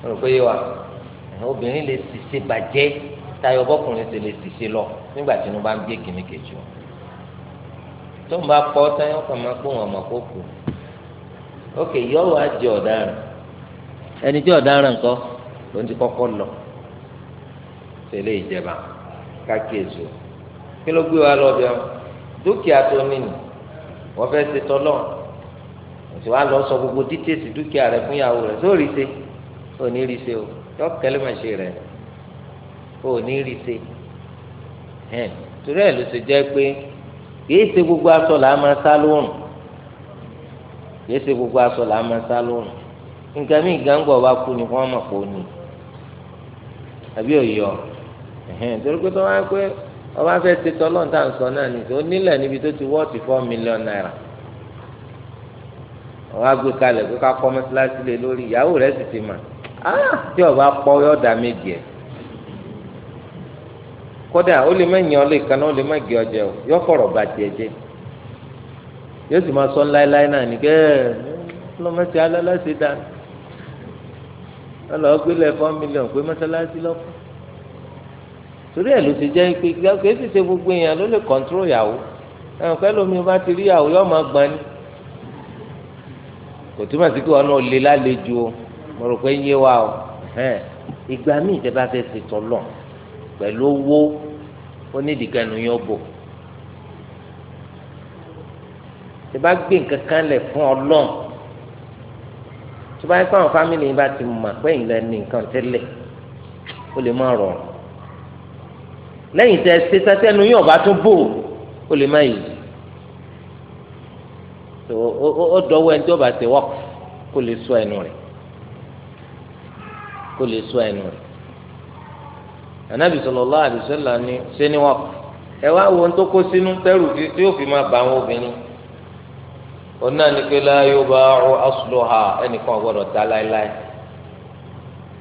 wọn rò pé yé wa obìnrin lè ṣiṣẹ́ bàjẹ́ táyọ̀ ọkùnrin sì lè ṣiṣẹ́ lọ nígbà tí inú bá ń dé kìnnìkejì wọn tó ń bá kọ́ táyọ̀ kàn máa pọ̀ wọn mọ̀ kó kù ókè yọ̀wọ̀ á di ọ̀daràn ẹni tí ọ̀daràn kọ́ ló ń ti kọ́kọ́ lọ tẹ̀lé ìjẹba kákíyèsó kí ló gbé wa lọ bí wọn dúkìá tó nínú wọ́n fẹ́ ṣe tọ́lọ́ òtí wàá lọ sọ gbogbo dítèsì dúkìá rẹ fún ìyàwó rẹ sórí ṣe òní rí ṣe o yọ kẹlẹ́mọ̀ṣe rẹ òní rí ṣe torí ẹ̀ ló ṣe jẹ́ pé. kìí ṣe gbogbo aṣọ là á máa sá lóòrùn kìí ṣe gbogbo aṣọ là á máa sá lóòrùn nǹkan mí gàǹgbọ̀ bá kú ni wọ́n mọ̀ pé ó ní àbí òyò torí pé tó wá pé ọba ti tọ́ lọ́nà tá náà nílẹ̀ níbi tó ti wọ́ọ̀tì million naira ọba gbé kalẹ̀ pé ká kọ́ mọ́sálásí lé lórí ìyàwó rẹ̀ sì ti mà á tí ọba méjì ẹ̀ kódà ó lè má yàn ọ́ lè kaná ó lè má gé ọjẹ o yọ fọ̀rọ̀ bá tiẹ̀ jẹ́ yóò sì máa sọ ńláíláí náà ní kẹ́ ẹ́ ọlọ́mọdé alálàsì dáná ọlọ́ọ̀gbélé four million pé mọ́sálásí lọ́kọ́ torí ẹ̀ ló ti jẹ́ pé kìí sì ṣe gbogbo èèyàn ló lè kọ́ńtúrò yàwó ẹ̀hún pẹ́ lómi bá ti rí yàwó yọ́ọ́ máa gbani kò túmọ̀ sí pé wọn náà lè lálejò o mo rò pé ń yé wa o ìgbà míì tẹ́ bá fẹ́ ṣe tọ́lọ́ọ̀ pẹ̀lú owó onídìgànnù yóò bò tí bá gbé nǹkan kan lẹ̀ fún ọlọ́run tí bá yẹ kó àwọn fámìlì yìí bá ti mọ̀ pé ìlẹ̀ ní nǹkan tẹ́lẹ̀ ó lè má rọrùn lẹ́yìn tẹ́ ṣe sẹ́sẹ́nu yóò bá tún bò ó lè má yìí tó ó dọ́wọ́ ẹni tó bá ti wọ́pù kó lè sọ ẹnu rẹ̀ kó lè sọ ẹnu rẹ̀ anabi sallallahu alaihi wasallam ni sẹni wọn ẹ wá wo ń tó kó sínú tẹrù tí yóò fi máa bá àwọn obìnrin oná ni pé láyé ó bá ọ asluha ẹnìkan gbọ́dọ̀ ta láéláé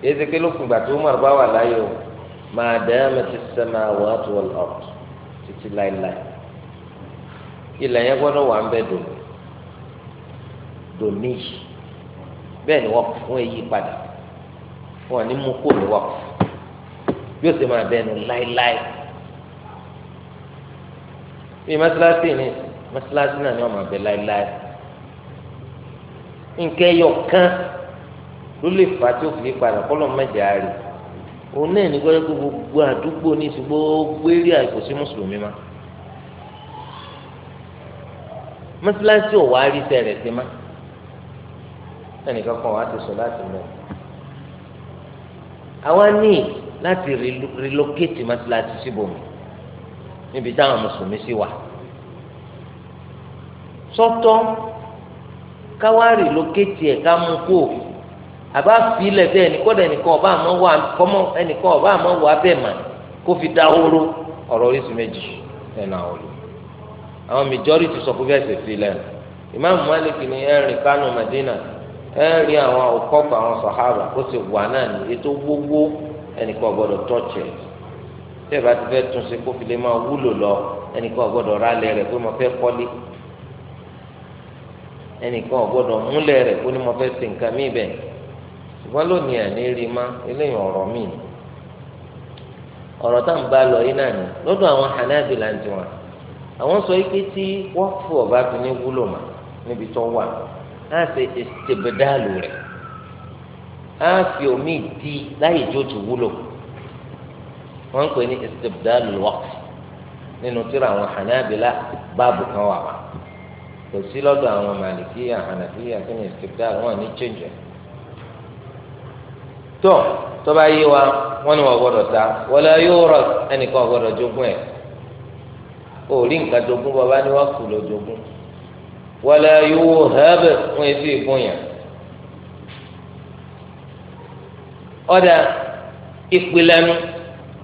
èsì pé lókun ìgbà tó mọ̀rọ̀ bá wà láyé o máa dẹ́rẹ́mẹ ti sẹ́mà wà tó wọlé ọ̀t títí láéláé ilẹ̀ yẹn gbọ́dọ̀ wà ń bẹ dò dòmí bẹ́ẹ̀ ni wọ́n fún èyí padà wọ́n ní mú kó ní wọ́n fún bí ó sì máa bẹnu láéláé bí mọ́sálásí ni mọ́sálásí náà ni wọ́n máa bẹ láéláé nǹkan ẹyọ kan ló lè fà á tí ó fi padà kọ́ lọ́n mẹ́jà rẹ̀ òun náà ní gbọ́dọ̀ pé gbogbo àdúgbò ní ti gbogbo eré àìkò sí mùsùlùmí ma mọ́sálásí ò wá rí tẹ̀rẹ̀ sí ma ẹnìkan kan wàá ti sọ láti mọ̀ àwa ní láti relocate mọ́sálásí síbòmí níbi táwọn mùsùlùmí sì wà sọ́tọ̀ káwá relocate ẹ̀ ká mú kó àbá filẹ̀ bẹ́ẹ̀ nìkọ́dà ẹnìkan ọba àmọ́ wà kọ́mọ́ ẹnìkan ọba àmọ́ wà bẹ́ẹ̀ mà kó fi dá horo ọ̀rọ̀ orísun méjì ẹ̀nà àwọn olùkọ́ àwọn majority sọ pé bẹ́ẹ̀ sì filẹ̀ ìmáàmù Malik ni ẹ̀rìn kánú Madina ẹ̀rìn àwọn òkọ́kọ̀ àwọn sàhábà ó sì wà náà ní ètò gbogbo ẹnìkan ọgbọ́dọ̀ tọọchẹ tẹ bá ti fẹ́ tún sí kó fi lè máa wúlò lọ ẹnìkan ọgbọ́dọ̀ rálẹ rẹ pé mo fẹ́ kọ́lé ẹnìkan ọgbọ́dọ̀ múlẹ rẹ pé mo fẹ́ ṣe nǹkan mí bẹ ṣùgbọ́n lónìí ẹni rí ma eléyìí ọ̀rọ̀ mi ọ̀rọ̀ tá n bá lọ yìí náà ni lọ́dọ̀ àwọn Hanabila ń tiwọn àwọn sọ yìí pé tí wọ́n fún ọba fi ní wúlò mà níbi tó wà láti ṣe ìṣèbẹdàlù rẹ á fi omi di láyè tí ó ti wúlò wọ́n ń pè ní istibdalul waqt nínú tíra àwọn Hanabila báàbù kan wà wá kò sí lọ́dọ̀ àwọn Malikiya Hanafiya kí ni istibdal wọn ní change tó tọ́ba yé wa wọ́n ní wọ́n gbọ́dọ̀ ta wala yurad ẹnìkan gbọ́dọ̀ jogún ẹ̀ ó rí nǹkan jogún bàbá ni wọ́n kù lọ jogún wala yuhab fún etí ìbúyàn. ọ̀dà ìpìlẹ̀nu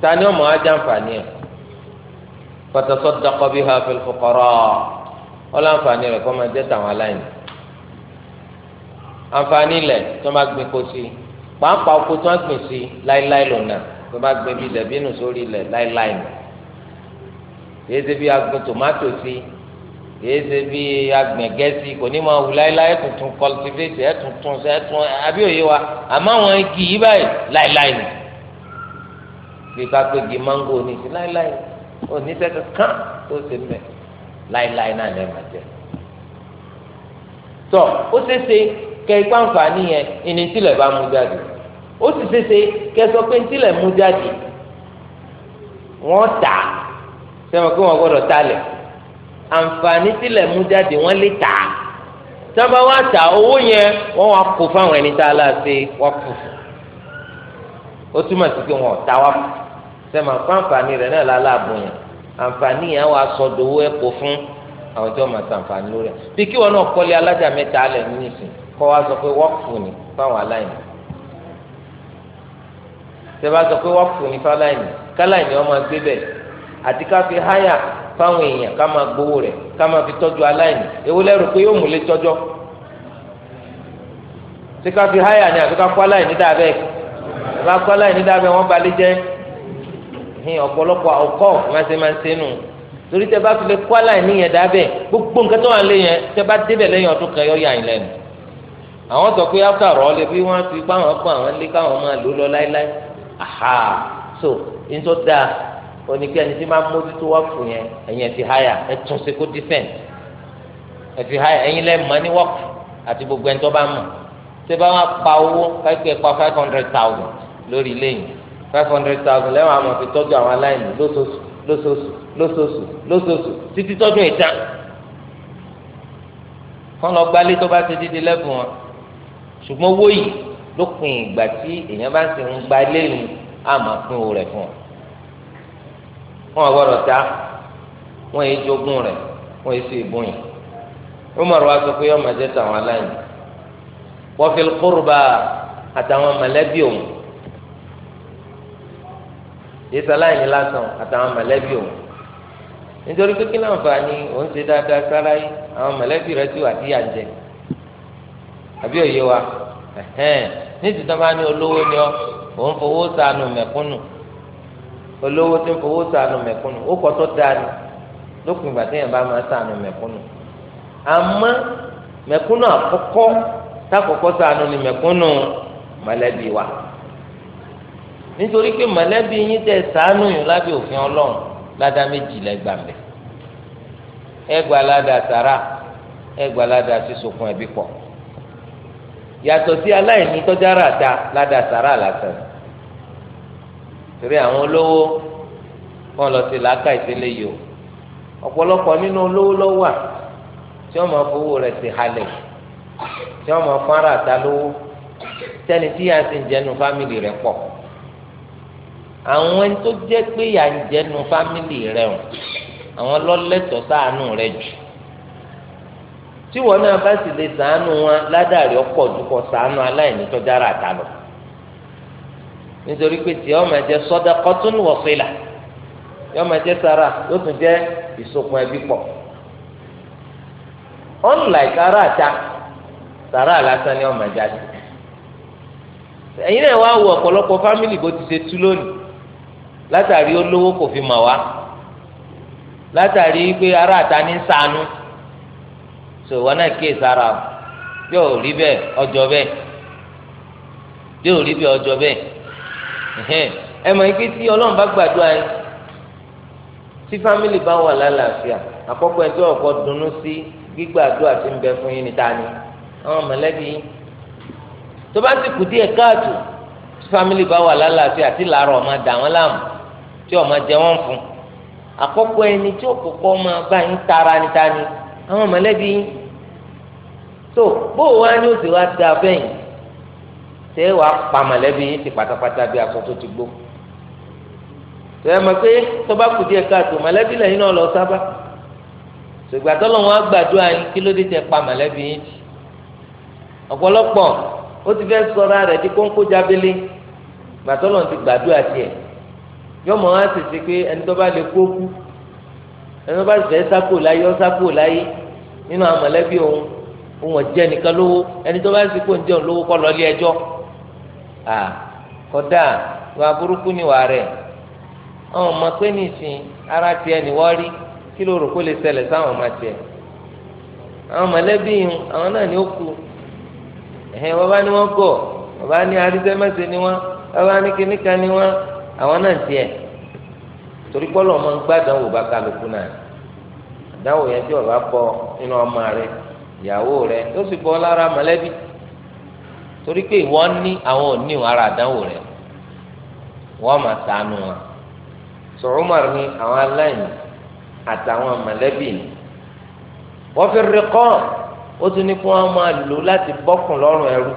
ta ni ọmọ ajá nfààní ẹ̀ fatasaddaqa biha fil fuqara ọlọ́ nfààní rẹ̀ kọ́ máa jẹ́ tàwọn aláìní ànfààní lẹ̀ tó máa gbin kó sí pàápàá oko tó máa gbin sí láíláí lọ́nà tó máa gbin bí dẹ̀bínú sórí ilẹ̀ láíláí nù èyí ti bí tòmátò sí kìí ṣe bí agbẹ̀gẹ́sì kò ní máa wù láéláé tuntun cultivate ẹ̀ tuntun ẹ̀ tún àbí òye wa àmọ́ àwọn igi yìí báyìí láéláé ni bí kápẹ́ igi mango ní ti láéláé òní sẹ́kẹ̀ kán tó ṣe mẹ́ láéláé náà lẹ́ẹ̀ máa jẹ. tọ́ ó ṣeé ṣe kẹ ipá nfààní yẹn ìní tílẹ̀ bá mú jáde ó sì ṣeé ṣe kẹ sọ pé tílẹ̀ mú jáde wọ́n tà sẹ́wọ̀n kí wọ́n gbọ́dọ̀ tálẹ̀ àǹfààní tilẹ̀ mú jáde wọ́n lè tà á sábà wá tà owó yẹn wọ́n wá kó fáwọn ẹni tá a lá ṣe wá kù ó túmọ̀ sí pé wọn ò ta wá sẹ́mi àǹfààní rẹ̀ náà lálábùn yẹn àǹfààní yẹn wàá sọdọ̀ owó ẹ̀ kó fún àwọn tí wọ́n máa sàǹfààní lórí ẹ̀ bí kí wọn náà kọ́lé alájà mẹ́ta alẹ̀ nísìn kọ́ wa sọ pé wọ́ọ̀kù ni fáwọn aláìní sẹ́mi àsọ pé wọ́ọ̀kù ni fáwọn aláìní káláìní ọmọ gbé bẹ́ẹ̀ àti káfí háyà fáwọn èèyàn ká máa gbowó rẹ̀ ká máa fi tọ́jú aláìní èwo lẹ́rù pé yóò múlé tọ́jọ́ tí ká fi háyà ni àfi ká kó aláìní dàbẹ́ bá kó aláìní dàbẹ́ wọ́n balẹ̀ jẹ́ hin ọ̀pọ̀lọpọ̀ ọkọ̀ mẹsẹ̀ máa ń sẹ́nu torí tẹ bá fi lè kó aláìní yẹn dàbẹ́ gbogbo nǹkan tó wà lé yẹn tẹ bá débẹ̀ lẹ́yìn ọdún kan yọ yà yín lẹ́nu àwọn sọ pé after all bí wọ́n fi pa àwọn àwọn lé káwọn máa lò lọ láéláé aha so nítorí dáa oníkẹ́ ẹni tí máa ń mójútó wọ́ọ̀kù yẹn ẹ̀yin ẹ̀ ti háyà ẹ̀ tún ṣe kó dífẹ̀ǹt ẹ̀ ti háyà ẹ̀yin lẹ́ mọ́ ní wọ́ọ̀kù àti gbogbo ẹni tó bá mọ̀ ṣé bá wọn pa owó káìpẹ́ pa five hundred thousand lórí ilé yìí five hundred thousand lẹ́wọ̀n àmọ́ fi tọ́jú àwọn aláìní lóṣooṣù lóṣooṣù lóṣooṣù lóṣooṣù títí tọ́dún ìtàn kọ́ lọ gbálé tó bá ti dídí lẹ́bùn wọn ṣùgbọ́n owó yìí lópin ìgbà tí èèyàn bá ń sìn ń gbalé yìí àmọ́ fún owó fún wọn wọn gbọ́dọ̀ ta wọn yìí jogún rẹ̀ wọn yìí sì bùn yìí Umar wa sọ pé ọmọ jẹ tàwọn aláìní wa fil qurba àtàwọn mọ̀lẹ́bí òun yìí aláìní lásán àtàwọn mọ̀lẹ́bí òun nítorí pé kí náà fà ní òun ṣe dáadáa sára yìí àwọn mọ̀lẹ́bí rẹ̀ ti wà tí yà ń jẹ àbí òye wa ní ti tán ní olówó ni ọ òun fowó sànù mẹ̀kúnnù olówó tí ń fowó ṣàánú mẹ̀kúnnù ó kọ́ tó dáa ni lópin ìgbà téèyàn bá máa ṣàánú mẹ̀kúnnù àmọ́ mẹ̀kúnnù àkọ́kọ́ tákọ́kọ́ ṣàánú ni mẹ̀kúnnù mọ̀lẹ́bí wa nítorí pé mọ̀lẹ́bí yín tẹ̀ ṣàánú yín lábẹ́ òfin ọlọ́run ládá méjì lẹ́gbàmbẹ́ ẹgbàá ládà sàrà ẹgbàá ládà sísokùn ẹbí pọ̀ yàtọ̀ sí aláìní tọ́jára dá ládà sàrà lásán torí àwọn olówó wọn lọ sí làákà ìdílé yìí o ọ̀pọ̀lọpọ̀ nínú olówó lọ́wọ́ à tí wọ́n máa fowó rẹ̀ sí halẹ̀ tí wọ́n máa fara àta lówó tẹ́ni tí yà sí ń jẹnu fámìlì rẹ̀ pọ̀ àwọn ẹni tó jẹ́ pé yà ń jẹnu fámìlì rẹ̀ o àwọn lọ́lẹ́tọ̀ọ́ sáànù rẹ̀ jù tí wọn náà bá sì lè sàánù wọn ládàrí ọ̀pọ̀ dúpọ̀ sàánù aláìní tó dára àtàlọ́ nítorí pé tí ọmọ ẹ̀jẹ̀ sọ́dá kọ́tún wọ̀sílà ọmọ ẹ̀jẹ̀ sara yóò tún jẹ́ ìsopọ̀ ẹbí pọ̀ unlike sara àta sara àlásán ni ọmọ ẹ̀jẹ̀ àti ẹ̀yin náà wá wo ọ̀pọ̀lọpọ̀ fámìlì bó ti ṣe tú lónìí látàrí olówó kò fi mà wá látàrí pé ara àta ní sànú so wọn náà kíyè sára o yóò rí bẹ́ẹ̀ ọjọ́ bẹ́ẹ̀ yóò rí bẹ́ẹ̀ ọjọ́ bẹ́ẹ̀ ẹ mọ̀ ike tí ọlọ́run bá gbàdúrà yín tí fámìlì bá wà lálàáfíà àkọ́kọ́ ẹ̀ tí ọ̀kọ́ dunnú sí gbígbàdúrà tí ń bẹ fún yín níta ni àwọn mọ̀lẹ́bí yín tó bá ti kù díẹ̀ káàtó tí fámìlì bá wà lálàáfíà tí làárọ̀ ọmọ dà wọ́n láàmú tí ọmọ jẹ wọ́n fún àkọ́kọ́ ẹni tí òkòkò máa bá yín tara níta ni àwọn mọ̀lẹ́bí yín tó bóòwá ni ó sì wá da bẹ́yìn ṣé wàá pa mọ̀lẹ́bí yín ti pátápátá bí aṣọ tó ti gbó tẹ́lẹ̀ mọ̀ pé tó bá kù díẹ̀ káàtó mọ̀lẹ́bí lẹ́yìn náà lọ sábà ṣùgbọ́n àtọ́lọ́wọ́n á gbàdúrà yín kí ló dé tẹ pa mọ̀lẹ́bí yín jì ọ̀pọ̀lọpọ̀ ó ti fẹ́ sọra rẹ̀ di kónkó jábélé gbàtọ́lọ̀ ti gbàdúrà tiẹ̀ yọmọ á sì ṣe pé ẹni tó bá lè kó kú ẹni tó bá sì fẹ́ sápò láyé ó sápò láyé nínú àwọn mọ̀lẹ́bí òun òun ọ̀jẹ́ nìkan lówó ẹni tó bá sì kó ń jẹun lówó kọ́ lọ ilé ẹjọ́ A kódà wà burúkú ni wà rẹ̀ àwọn pé ara tiẹ̀ ni wọ́n kí ló rò kó lè ṣẹlẹ̀ sáwọn ọmọ tiẹ̀ àwọn mọ̀lẹ́bí yìí àwọn náà ni ó kú ẹ̀hìn bàbá ni wọ́n gọ̀ bàbá ni arísẹ́mẹsẹ̀ ni wọ́n ni wọ́n àwọn náà torí torí pé wọ́n ní àwọn òní ara àdánwò rẹ wọ́n máa sànù wọn sọ̀rọ̀ ní àwọn aláìní àtàwọn mọ̀lẹ́bí ni wọ́n fi rí kọ́ ó tún ní kí wọ́n máa lò láti bọ́kùn lọ́rùn ẹrú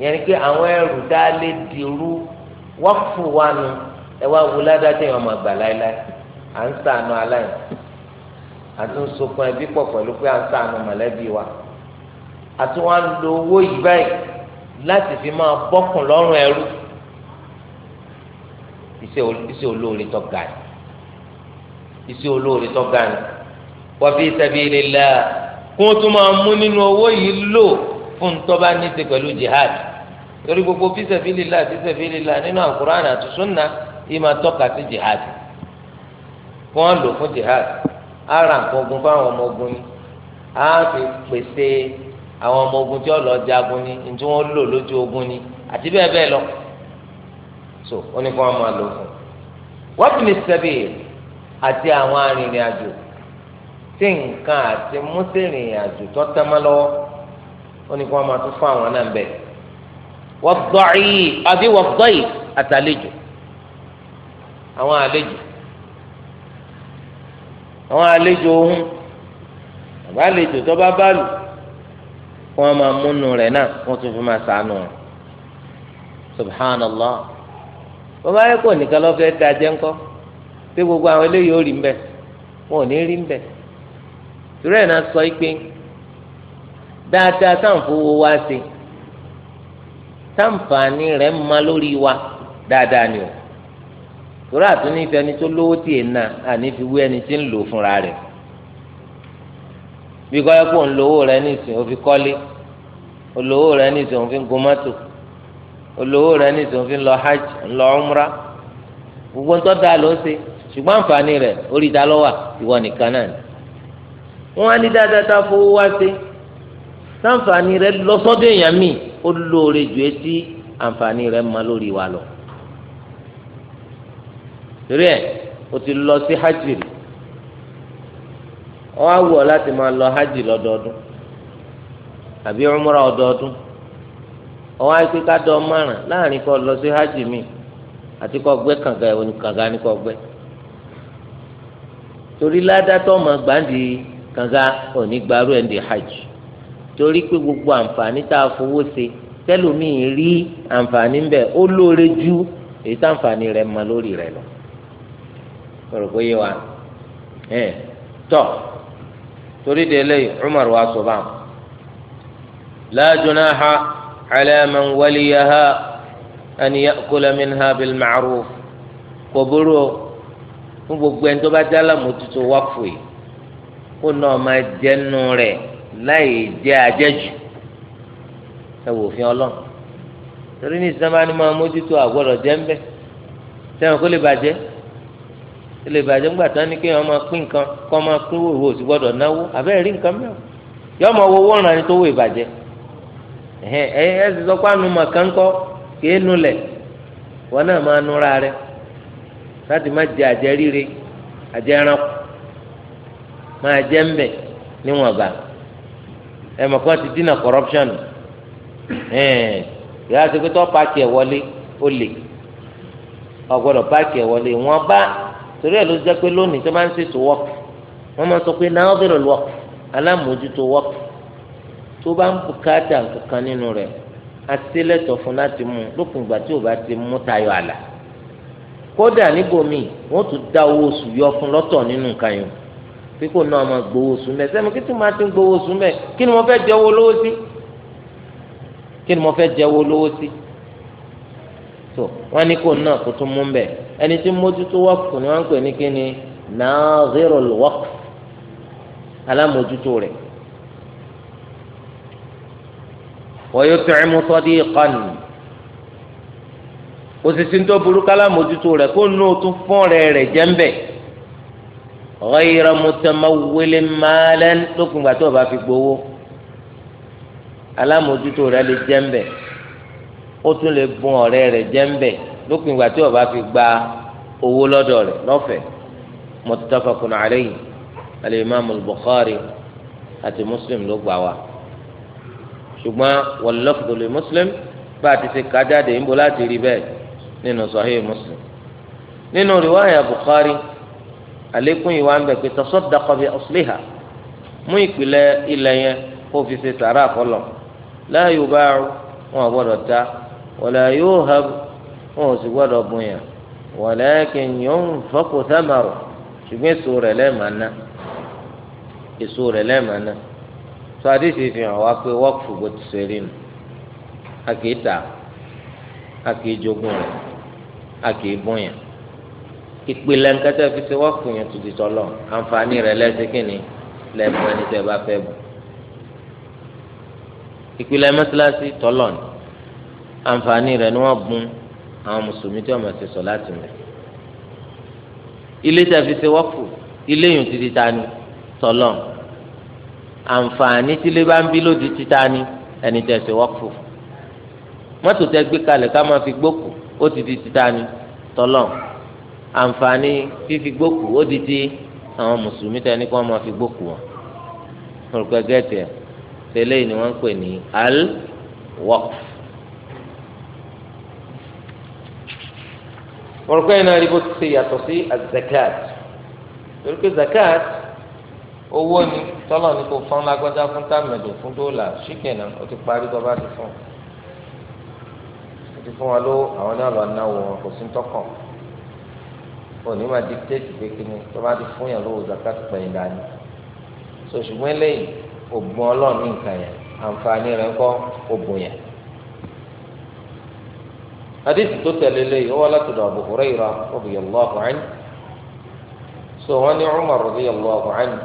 yẹn ni pé àwọn ẹrù wọ́pù ẹ wá wo láéláé àti wọn á lo owó yìí báyìí láti fi máa bọ́kùn lọ́rùn ẹrú iṣẹ́ olóore tó ga ni iṣẹ́ olóore tó ga ni wa fi sabilillah kó tó máa mú nínú owó yìí lò fún tọ́ba ní pẹ̀lú jihad torí gbogbo fi sabilillah fi sabilillah nínú Al-Qur'an àti sunna yìí máa tọ́ka sí jihad kó wọ́n lò fún jihad á ra nǹkan ogun fáwọn ọmọ ogun ni á fi pèsè àwọn ọmọ ogun tí ọlọ jagun ni ntí wọn lò lójú ogun ni àti bẹ́ẹ̀ bẹ́ẹ̀ lọ so ó ní kí wọn máa lò fún wọn fi ní sẹbi àti àwọn arìnrìn àjò tí nǹkan àti músìrìn àjò tó tẹmọ lọ́wọ́ ó ní kí wọn máa tún fún àwọn náà bẹ́ẹ̀ wọn dọ̀ọ́yì àbí wọn dọ̀ọ́yì àtàlejò àwọn àlejò àwọn àlejò ohun àbálejò tó bá bá lù. wọn máa múnú rẹ náà wọn tún fi máa sànù subhanallah bàbá yẹn kò nìkan lọ fẹẹ da jẹ pé gbogbo àwọn eléyìí ó rí wọn ò ní rí náà sọ dáadáa wá sí ma lórí wa dáadáa ni o àtúnífẹ́ tó lówó na àní fi ẹni bí kọ́ ẹ́ kó ń lówó rẹ nísìn òfin kọ́lé olówó rẹ nísìn òfin gomato olówó rẹ nísìn òfin lọ hajj ńlọ umra gbogbo ń tọ́ da ló ṣe ṣùgbọ́n àǹfààní rẹ̀ orí ìta ìwọ nìkan náà ni. wọ́n á ní dáadáa tá a fowó wá sí sáǹfààní rẹ̀ lọ́sọ́dọ̀ èèyàn míì ó lóore ju etí àǹfààní rẹ̀ máa lórí wa lọ. torí ẹ̀ o ti lọ sí hajj rí wọ́n á wọ̀ láti máa lọ hajj lọ́dọọdún àbí umra ọdọọdún wọ́n á pé ká dọ́ márùn láàrin kọ lọ sí hajj mi àti kọ́ gbẹ́ kànga ìwọ̀n kànga ni kọ́ gbẹ́ torí ládàtọ̀ ọmọ gbàǹdì kànga òní gbarú ẹ̀ ń hajj torí pé gbogbo àǹfààní tá a fowó ṣe tẹlómiì rí àǹfààní ń bẹ ó lóore ju èyí tá àǹfààní rẹ̀ mọ lórí rẹ̀ lọ. kọ̀rọ̀ pé yé wa ẹ̀ tọ́. torí de eléyìí Umar wa sọ báwọn. la junaha ala man waliyaha an ya'kula minha bil ma'ruf kò burú o fún gbogbo ẹni tó bá dá lámòtútù wákùú yìí kó náà máa jẹnu rẹ̀ láì jẹ àjẹjù ẹ wò fi Ọlọ́run torí ní ìsinmi máa mójútó àgbọ́dọ̀ jẹ ń bẹ sẹ́wọ̀n kó lè bàjẹ́. ilé ìbàjẹ́ ńgbà tán ni kí ọmọ máa pín nǹkan kọ́ máa pín wò wò sí gbọ́dọ̀ náwó àbẹ́rẹ́ rí nǹkan yọ ọmọ owó wọ́n ràn tó wò ìbàjẹ́ ẹ ẹ sì sọ pé àánú nulẹ̀ wọn náà máa rẹ láti má jẹ àjẹ ríre àjẹ máa jẹ ẹ mọ̀ kí wọ́n ti dínà corruption torí ẹ ló jẹ pé lónìí tó máa ń ṣètò wọk wọn máa sọ pé náà ọbẹrẹ lọ alámòójútó wọk tó bá ń bùkátà kankan nínú rẹ asílẹtọ fún láti mú lópin ìgbà tí o bá ti mú tayọ àlà kódà níbòmíì wọn tún dá owó oṣù yọ fún lọ́tọ̀ nínú nǹkan yìí pé kò náà máa gbowó oṣù mẹ sẹmi kí tí máa ti gbowó oṣù mẹ kí ni mo fẹ́ jẹ owó lówó sí kí ni mo fẹ́ jẹ owó lówó sí tó wọn ní kò náà kó tún mú bẹ́ẹ̀ ẹni tí mójútó wọ́ọ̀kù ni wọ́n ń pè ní kíni nazirul wọ́ọ̀kù alámójútó rẹ̀ wa yut'imu sadiqan òsìsì tó burú kálámójútó rẹ̀ kó nù tún fún rẹ̀ rẹ̀ jẹ́ńbẹ̀ ghayra mutamawwilin malan lókun gbà tó o bá fi gbowó alámójútó rẹ̀ lè jẹ́ńbẹ̀ ó tún lè bùn ọ̀rẹ́ rẹ̀ jẹ́ńbẹ̀ lópin ìgbà tí ó bá fi gba owó lọ́dọ̀ rẹ̀ lọ́fẹ̀ẹ́ muttafaqun alayhi al-imam al-bukhari àti muslim ló gbà wá ṣùgbọ́n wal-lafdhu li muslim bá a ti ṣe ká jáde ń bọ̀ láti rí bẹ́ẹ̀ nínú sahih muslim nínú riwaya bukhari àlékún ìwà ń bẹ̀ pé tasaddaqa bi asliha mú ìpìlẹ̀ ilẹ̀ yẹn kó fi ṣe sàrà àkọlọ̀ la yuba'u wọn ò gbọ́dọ̀ ta wala yuhab wọn ò sì gbọ́dọ̀ bùn yàn walakin yunfaqu thamaru ṣùgbọ́n èso rẹ̀ lẹ́ẹ̀mà ná èso rẹ̀ lẹ́ẹ̀mà ná tó àdìsí fi hàn wá pé wọ́ọ̀kù bó ti ṣe rí nu a kì í tà a kì í jogún rẹ̀ a kì í bùn yàn ìpìlẹ̀ nǹkan fi ṣe wọ́ọ̀kù yẹn tó tọ́lọ̀ àǹfààní rẹ̀ lẹ́sìn kìíní ẹni tẹ́ bá fẹ́ bù ìpìlẹ̀ mọ́tíláṣí tọ́lọ̀ àǹfààní rẹ̀ ni wọ́n bùn àwọn mùsùlùmí tí wọ́n máa ṣe sọ láti mẹ ilé tẹ́ fi ṣe wọ́pù ilé yìí ti di ta ni tọ́lọ̀ àǹfààní tí ilé bá ń bí lòdì ti ta ni ẹni tẹ́ ṣe wọ́pù mọ́tò tẹ́ gbé kalẹ̀ ká máa fi gbókù ó ti di ti ta ni tọ́lọ̀ àǹfààní fífi gbókù ó di ti àwọn mùsùlùmí tẹ́ ní kí wọ́n máa fi gbókù wọn olùkọ́ gẹ́tì ẹ̀ ni wọ́n ń pè ní al-waqf. mọ̀rọ̀kọ́ yẹn náà rí bó ti ṣe yàtọ̀ sí zakat torí pé zakat owó ni tọ́lọ̀ ní kò fọ́n lágbájá fún tàmẹ̀dò fún dọ́là ṣíkìnà ó ti parí tó bá ti fún ó ti fún wa lówó àwọn náà lọ náwó wọn kò sí ń tọkàn òní máa dictate pé kí ni tó bá ti fún yàn lówó zakat pẹ̀yìn dání so ṣùgbọ́n ògbọ́n ọlọ́run ní yẹn àǹfààní rẹ̀ ń kọ́ ògbọ́n yẹn. حديث تتل لي هو لا تدع أبو هريرة رضي الله عنه سواني عمر رضي الله عنه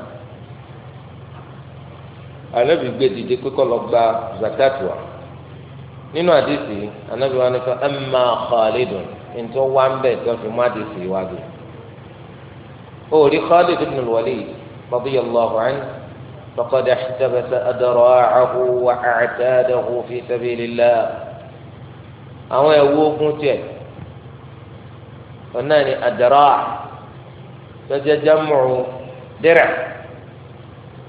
anabi gbé dìde kókó lọ gba zakat wa nínú àdìsí anabi wa nípa ẹmà khalidun ntọ́ wá ń bẹ̀ tó fi mú àdìsí wa bi òòrí khalid ibn al-walid radiyallahu anhu faqad ihtabasa adra'ahu wa a'tadahu fi sabilillah àwọn ẹ̀wù ogun tiẹ̀ ọ̀nà ni àdàrà tọ́jà jámùrù dẹ́rẹ̀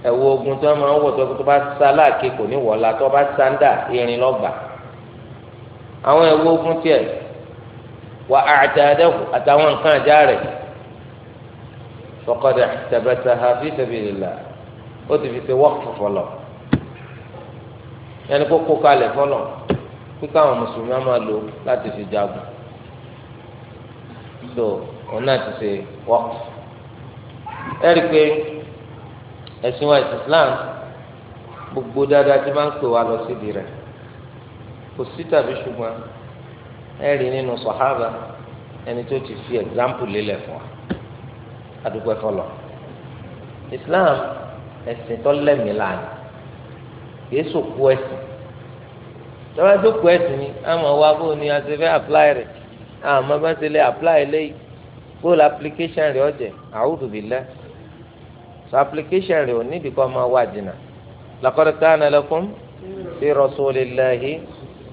ẹ̀wù ogun tó máa ń wọ̀ tó tó bá sá láàké kò ní wọ̀ọ́lá tó bá sáńdà irin lọ́gbà àwọn ẹ̀wù ogun tiẹ̀ wà àtàdẹ́kù àtàwọn nǹkan àjà rẹ̀ fọkọdà tẹ̀bẹ̀tẹ̀ ha fi sabilillah ó ti fi ṣe wọ́ọ̀kì fọlọ̀ ẹni kó kó kalẹ̀ fọlọ̀ kíkọ́ àwọn mùsùlùmí máa lò láti fi jagun so òun náà ti ṣe wọ́ọ̀kù ẹ rí i pé ẹ̀sìn wa ẹ̀sìn Islam gbogbo dáadáa tí máa ń pè wá lọ síbi rẹ̀ kò sí tàbí ṣùgbọ́n ẹ rí nínú sàhábà ẹni tó ti fi ẹ̀gbáǹpù lélẹ̀ fún wa adúgbò ẹ̀fọ́ lọ Islam ẹ̀sìn tó lẹ́mìí láàyè kìí sòkú ẹ̀sìn tọ́wọ́ tó kù ẹ̀sìn ni àmọ́ wa bó ni a ti fẹ́ apply rẹ̀ àmọ́ bá ti lè apply lẹ́yìn goal application rẹ̀ ọ̀jẹ̀ a'udhu billah so application rẹ̀ ò níbi kọ́ máa wá jìnnà laqad kana lakum fi rasulillahi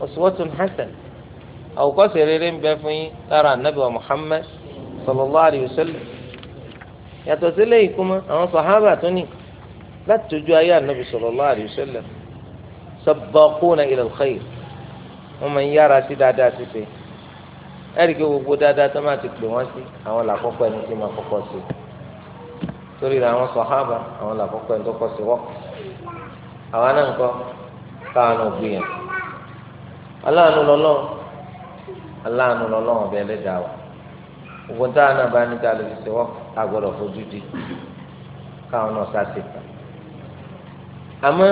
uswatun hasan àwòkọ́ṣe rere ń bẹ fún yín lára anabi wa muhammad sallallahu alayhi wa sallam yàtọ̀ sílẹ̀ ìkúmọ́ àwọn sàhábà tó ní láti tójú ayé anabi sallallahu alayhi wa sallam sabaquna ila al-khayr wọ́n máa ń yára sí dáadáa ṣíṣe ẹ̀ríkì gbogbo dáadáa tó máa ti pè wọ́n sí àwọn làkọ́kọ́ ẹni tí máa kọ́kọ́ sí torí ra àwọn sàhábà àwọn làkọ́kọ́ ẹni tó kọ́ sí wọ́n àwọn náà ń kọ́ káwọn náà gbìyànjú aláàánú lọ́lọ́ aláàánú lọ́lọ́ ọ̀bẹ ẹlẹ́dàá wa gbogbo táwọn náà bá ní ká lè fi ṣe wọ́n ká fojú di káwọn náà sá sí ká àmọ́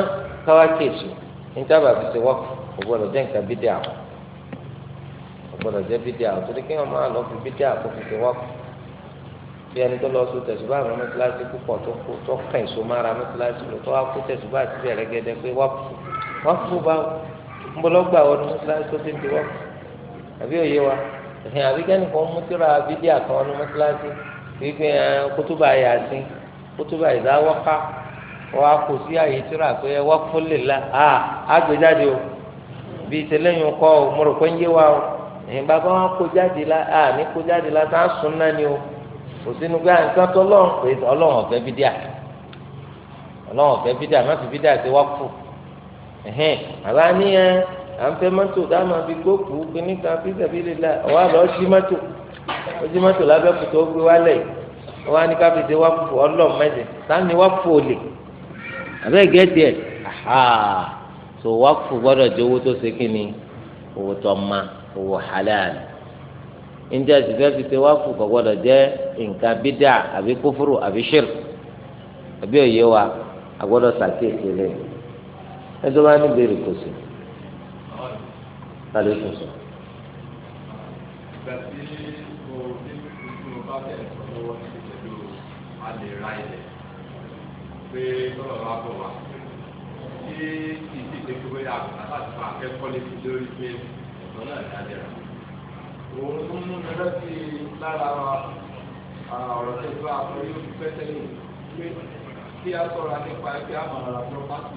káwá kéèṣì níjàmbá fi ṣe wọ́pù kò gbọ́dọ̀ jẹ́ nǹkan bídíà o kò gbọ́dọ̀ jẹ́ bídíà o torí kí wọ́n máa lọ fi bídíà kó fi ṣe wọ́pù bí ẹni tó lọ sọ tẹ̀sùbá àwọn mẹ́tíláṣí púpọ̀ tó kó tó kàn èso mára mẹ́tíláṣí lọ tó wá kó tẹ̀sùbá àti bẹ̀rẹ̀ gẹ́gẹ́ pé wọ́pù wọ́pù bá ń bọ́ lọ́gbà wọn mẹ́tíláṣí tó ti ń di wọ́pù àbí wọ́n kò sí àyè tí ra pé wọ́n fún lè la a àgbéjáde o bí tẹ́lẹ̀yìn kọ́ o mo rò pé ń yé wa o ìgbà bá wọn kó jáde la a ní kó jáde la tá a sùn o kò sínú gbé tó lọ́rùn pé ọlọ́run ọ̀fẹ́ ọlọ́run ọ̀fẹ́ má fi wá ẹ̀hìn àbá ní ẹ à ń fẹ́ mọ́tò dáhùn àbí gbókù kíní kan lè la ọ̀wá lọ sí mọ́tò ó sí mọ́tò ó gbé wálẹ̀ ọ̀wá ní káfíńsì wá ọlọ́run àbẹ́ gẹ̀ẹ́tì ẹ̀ aha so wákùú gbọ́dọ̀ jẹ́ owó tó ṣe kíni owó tó ma owó halal njẹ́ àtìfẹ́ fi ṣe wákùú kò gbọ́dọ̀ jẹ́ nǹkan bídà àbí kófúrú àbí ṣírk àbí òye wa àgbọ́dọ̀ ṣàkíyèsí rẹ̀ ẹ bá ní bèrè kò sí. Tàlẹ́ sùn Ìgbà tí mo ní ìgbìmọ̀ bá bẹ̀rẹ̀ sọ lọ́wọ́ ní ìṣèlú, a lè ra ilẹ̀ pé lọ́rọ̀ bá bọ̀ wá ṣé kì í sì ṣe pé bóyá àbájáde máa kẹ́kọ̀ọ́ lé lórí pé ọ̀tọ̀ náà ní àjẹrà. òun ló mú mi lọ́sí lára ọ̀rọ̀ tó bá a fọ yóò fẹ́ sẹ́yìn pé kí a sọ̀rọ̀ nípa ẹgbẹ́ àmọ̀ràn pọ́pátì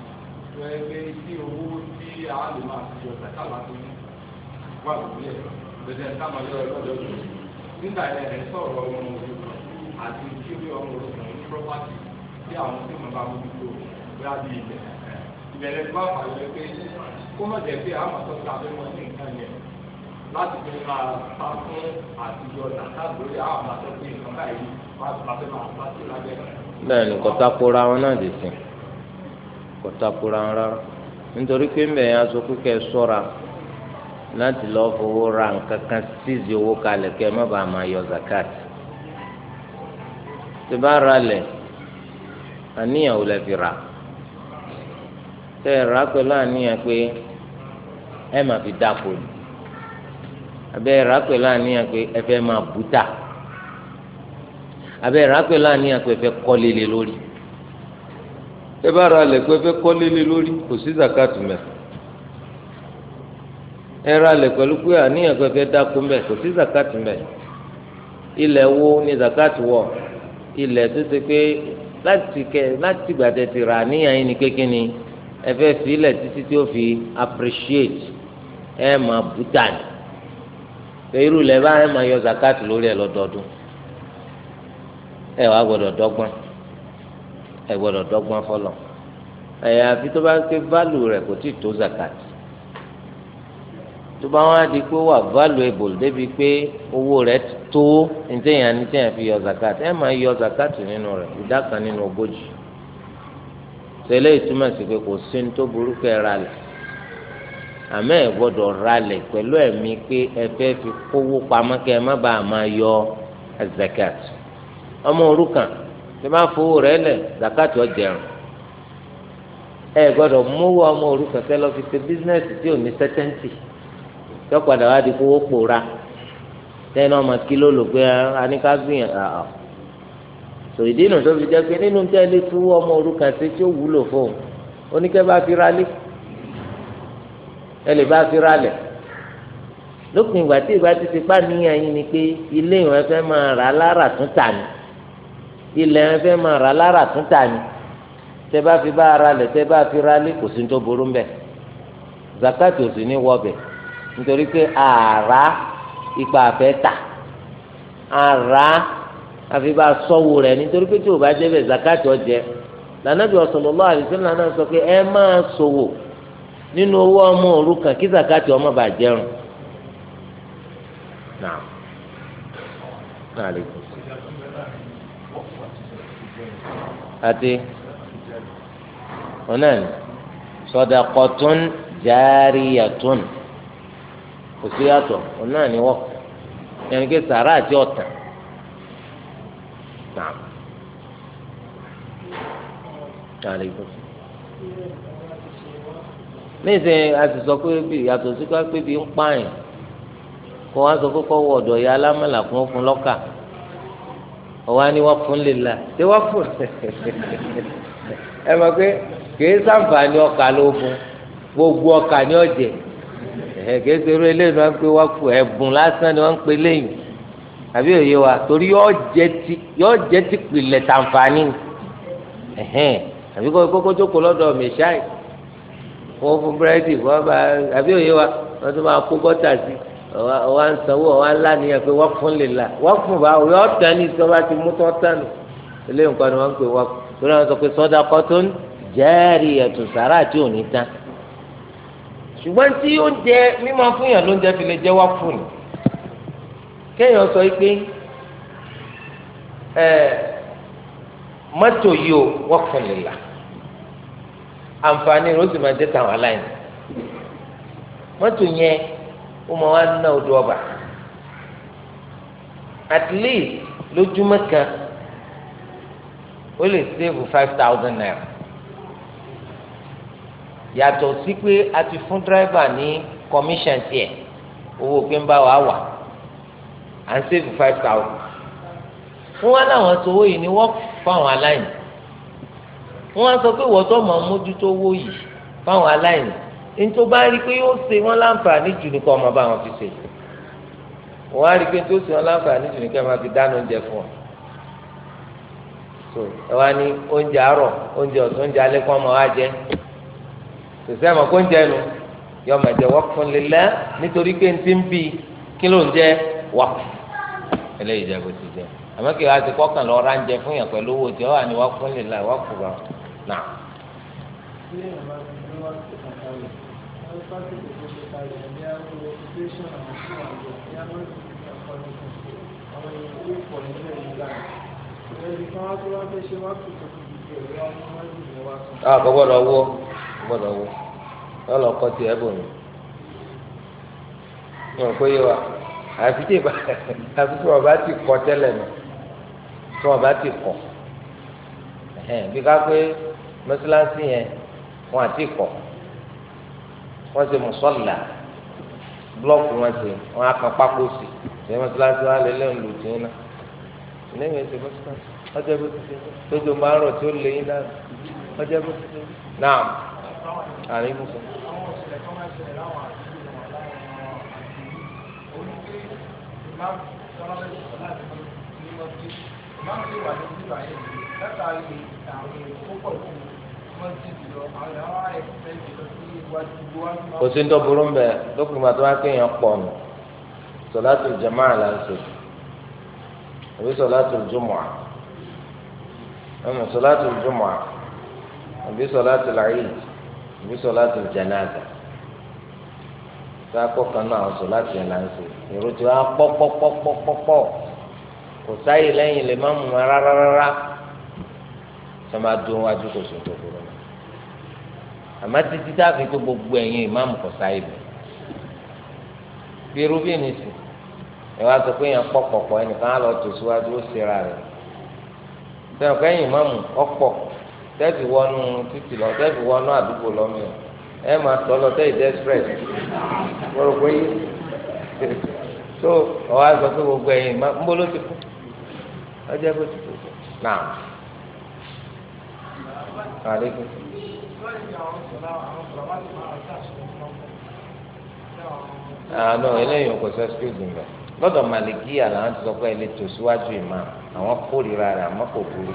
tó ẹgbẹ́ tí owó tí a lè máa fi ọ̀sẹ̀ káàlà tó ní wà lórí ẹ̀ lọ́dẹ̀ táwọn yọ̀rọ̀ lọ́dọ̀ nígbà yẹn sọ̀rọ̀ ọmọ òṣùpọ̀ àti kí ó yọ ọmọ òṣùpọ̀ ní pọ́pátì sí àwọn tí wọ́n bá mójú tó bóyá bí ilẹ̀ ìbẹ̀rẹ̀ tó bá fàyọ pé kó má jẹ́ pé àwọn àtọ́jú abẹ́mọ ní nǹkan yẹn láti fi máa pa fún àtijọ́ làkàgbórí àwọn àtọ́jú nǹkan báyìí wọ́n á fẹ́ máa pa sí lábẹ́. bẹ́ẹ̀ ni kò takora wọn náà dì sí kò takora wọn rárá nítorí pé ń bẹ̀yẹn aṣọ kíkẹ́ sọ́ra láti lọ fowó ra nǹkan sízi owó kalẹ̀ kẹ́ ẹ má bàa máa yọ zakat. tí bá ra lẹ̀ àníyàn ò lè fi rà tẹ ẹ rà pẹ̀lú àníyàn pé ẹ má fi dáko ni abẹ ẹ rà pẹ̀lú àníyàn pé ẹ fẹ́ máa bùtà abẹ ẹ rà pẹ̀lú àníyàn pé ẹ fẹ́ kọ́lé lé lórí tẹ bá ra lẹ̀ pé ẹ fẹ́ kọ́lé lórí kò sí zakatu mẹ ẹ ra lẹ̀ pẹ̀lú pé àníyàn pé ẹ fẹ́ dáko mẹ kò sí zakatu mẹ ilẹ̀ wo ni zakatu wọ ilẹ̀ tó ṣe pé láti kẹ láti gbàdẹ ti rà níyàn yín ni kékin ni ẹ fẹ́ filẹ̀ títí tí ó fi appreciate ẹ máa bùtà ní irú lẹ bá ẹ máa yọ zakat lórí ẹ lọ́dọọdún ẹ wàá gbọ́dọ̀ dọ́gbọ́n ẹ gbọ́dọ̀ dọ́gbọ́n fọlọ ẹ àfi tó bá ké válù rẹ kò tí tó zakat tó bá wọn di pé wà valuable débi pé owó rẹ̀ tó ntẹ̀yàn ní fi yọ zakat ẹ̀ máa yọ zakat nínú rẹ̀ ìdá kan nínú ogójì tẹ́lẹ̀ ìtumọ̀ sí pé kò sí ní tó burú kẹ́ ra lẹ̀ àmọ́ ẹ̀ gbọ́dọ̀ ra lẹ̀ pẹ̀lú ẹ̀mí pé ẹ fẹ́ fi kówó pamọ́ kẹ́ má bàa máa yọ zakat ọmọ òrukàn tí wọ́n bá fowó rẹ̀ lẹ̀ zakat ó jẹrun ẹ gbọ́dọ̀ mówó ọmọ òrukàn tẹ́ lọ fi ṣe bísínẹ́sì tí ò ní sẹ́tẹ́ǹtì yọpadà wá di kówó pòórá lẹ́yìn náà ọmọ kíló lò pé aníká gbìyànjú àá ah, tò ah. ìdí nù tó fi jẹ́ pé nínú tẹ́lẹ̀ tó ọmọ òrukàn sí tí ó wúlò fóun oníkẹ́ bá fi ralé ẹ lè bá fi ralẹ̀ lópin ìgbà tí ìgbà ti ti níyàn yín ni pé ilé ìwọ̀n ẹ fẹ́ máa rà á lára tún tà ní ilẹ̀ ẹ fẹ́ máa rà á lára tún tà ní tẹ́ bá fi bá ara lẹ̀ tẹ́ bá fi ralé kò sí ní tó burú mbẹ̀ zakati ò sì ní wọ́ bẹ̀ nítorí pé àrà ipa àfẹ́ tà àrà àfi bá sọ́wọ́ rẹ̀ nítorí pé tí o bá débẹ̀ zakati ọ̀jẹ̀ lànàbí sallallahu alaihi wasallam náà sọ pé ẹ máa ṣòwò nínú owó ọmọ òrukàn kí zakati ọmọ bá jẹun. àti ọ̀nà sọdaqatun jariyatun kò sí yàtọ̀ òun náà ni wọ́n yẹn ké sàrà àti ọ̀tàn náà àlejò nísìnyí a sì sọ pé bí yàtọ̀ sí pé bí ń pààyàn kó wá sọ pé kó wọ ọ̀dọ̀ ya alámàlà fún fún lọ́kà ọ̀wá ni wọ́n fún lè la ṣé wọ́n fún ẹ mọ̀ pé kì í sàǹfààní ọkà ló fún gbogbo ọkà ni ọ̀jẹ̀ ẹ̀hẹ́ kéésìrò eléyìí ni wọ́n pe wá fún ẹ̀bùn lásán ni wọ́n pe léyìn àbí òye wa torí yọ́ọ́ jẹ́ ti pilẹ̀ tàǹfààní ẹ̀hẹ́n àbí kọ́ kókó tó kó lọ́dọ̀ mẹ́ṣáì wọ́n fún búrẹ́dì wọ́n bá àbí òye wa wọ́n tún máa kó bọ́tà sí ọ̀wá ń sanwó ọ̀wá ńlá nìyẹn pé wọ́n fún lè la wọ́n fún bá yọ́ọ́ tán ní sọ́ba ti mú tán tán nù eléyìí nǹkan ni wọ́n pe wọ́n torí wọ́n sọ pé sọ́dà kọ́tún jẹ́ẹ̀rì ẹ̀tùsára àti òní tán ṣùgbọ́n tí yóò jẹ mímọ fún yàn ló ń jẹ fi lè jẹ wá fún ni kéèyàn sọ pé ẹ mọ́tò yìí ó wọ́pọ̀ nìlà àǹfààní rẹ̀ ó sì máa jẹ́ tàwọn aláìní mọ́tò yẹn ó máa wá ná odò ọba at least lójúmọ́ kan ó lè save five thousand naira yàtọ̀ sí pé a ti fún dírẹ́fà ní commission tiẹ̀ owó pé ń bá wa wà à ń save five thousand wọ́n wá láwọn sọ̀wọ́ yìí ni wọ́n fáwọn aláìní wọ́n wá sọ pé wọ́tọ́ mọ̀ mójútó owó yìí fáwọn aláìní nítorí bá rí i pé yóò ṣe wọ́n láǹfààní jù nìkan ọmọ bá wọn fi ṣe wọ́n á rí i pé tó ṣe wọ́n láǹfààní jù nìkan máa fi dáná oúnjẹ fún wọn so ẹ wá ní oúnjẹ àárọ̀ oúnjẹ ọ̀sán oúnjẹ alẹ́ kọ́ ọmọ wa jẹ sèse àmọ́ kó ń jẹ nu yọ ọmọ ẹ̀jẹ̀ wọ́pọ̀ fún lílẹ̀ nítorí pé ntí ń bi kí ló ń jẹ wọ́pọ̀ eléyìí jẹ bó ti jẹ àmọ́ kí wàá ti kọ́kàn lọ ra ń jẹ fún yàn pẹ̀lú owó tí ó wà ní wọ́pọ̀ fún lílẹ̀ wọ́pọ̀ gan nà. a wo gbọ́dọ̀ wọ ọlọ́kọ́ ti ẹ̀ bòmí ní òkú yé wa àfi tí ìbá àfi tí wọn bá ti kọ tẹ́lẹ̀ nù tí wọn bá ti kọ bí ká pé mọ́sálásí yẹn wọn àti kọ wọ́n ṣe mùsọ́là blọọkù wọn ṣe wọn á kan pákó sí ṣe mọ́sálásí wọn lé lẹ́yìn lòtì yín náà lẹ́yìn ẹ̀ṣẹ̀ mọ́sálásí bó ti ṣe lójó márùn tí ó lé yín náà ọjọ́ bó ti ṣe náà àrí musu. kò sí ń dọ́burú ń bẹ̀ lókùnrin àti wákè yẹn pọ̀ nù sọ̀látù jamaa là ń sè àbí sọ̀látù jùmọ̀à ẹnu sọ̀látù jùmọ̀à àbí sọ̀látù làyè ìbí sọláàtù jánásà sáàpọ̀ kan náà àwọn sọláàtù yẹn là ń ṣe èrò tí wọ́n á pọ̀ pọ̀ pọ̀ pọ̀ pọ̀ pọ̀ kò sáyè lẹ́yìn lè má mú wọn rárá rárá sọ ma dún wájú kò sùn tó burú náà àmọ́ títí tá a fi tó gbogbo ẹ̀yìn ìmáàmù kò sáyè bẹ̀ bí rubin sì ẹ wá sọ pé èèyàn pọ̀ pọ̀ pọ̀ ẹnìkan á lọ tò síwájú ó ṣera rẹ̀ sọ pé ẹ̀yìn ìmáàmù ọ̀pọ̀ tẹ́ẹ̀fì wọnú títì lọ tẹ́ẹ̀fì wọnú àdúgbò lọ́mọ ẹ máa tọ́ lọ tẹ́ẹ̀ dẹ́sírẹ́t kọ́rọ̀ pé tó ọ̀hà sọ pé gbogbo ẹ̀yìn ń bolo ti kú ọjọ́ bó ti kú náà àlékún. eléyìí kò sọ skills mbẹ lọ́dọ̀ màlìkíyà làwọn ti sọ pé ẹ lè tò síwájú ìmọ̀ àwọn kórìíra rẹ̀ àmọ́ kò burú.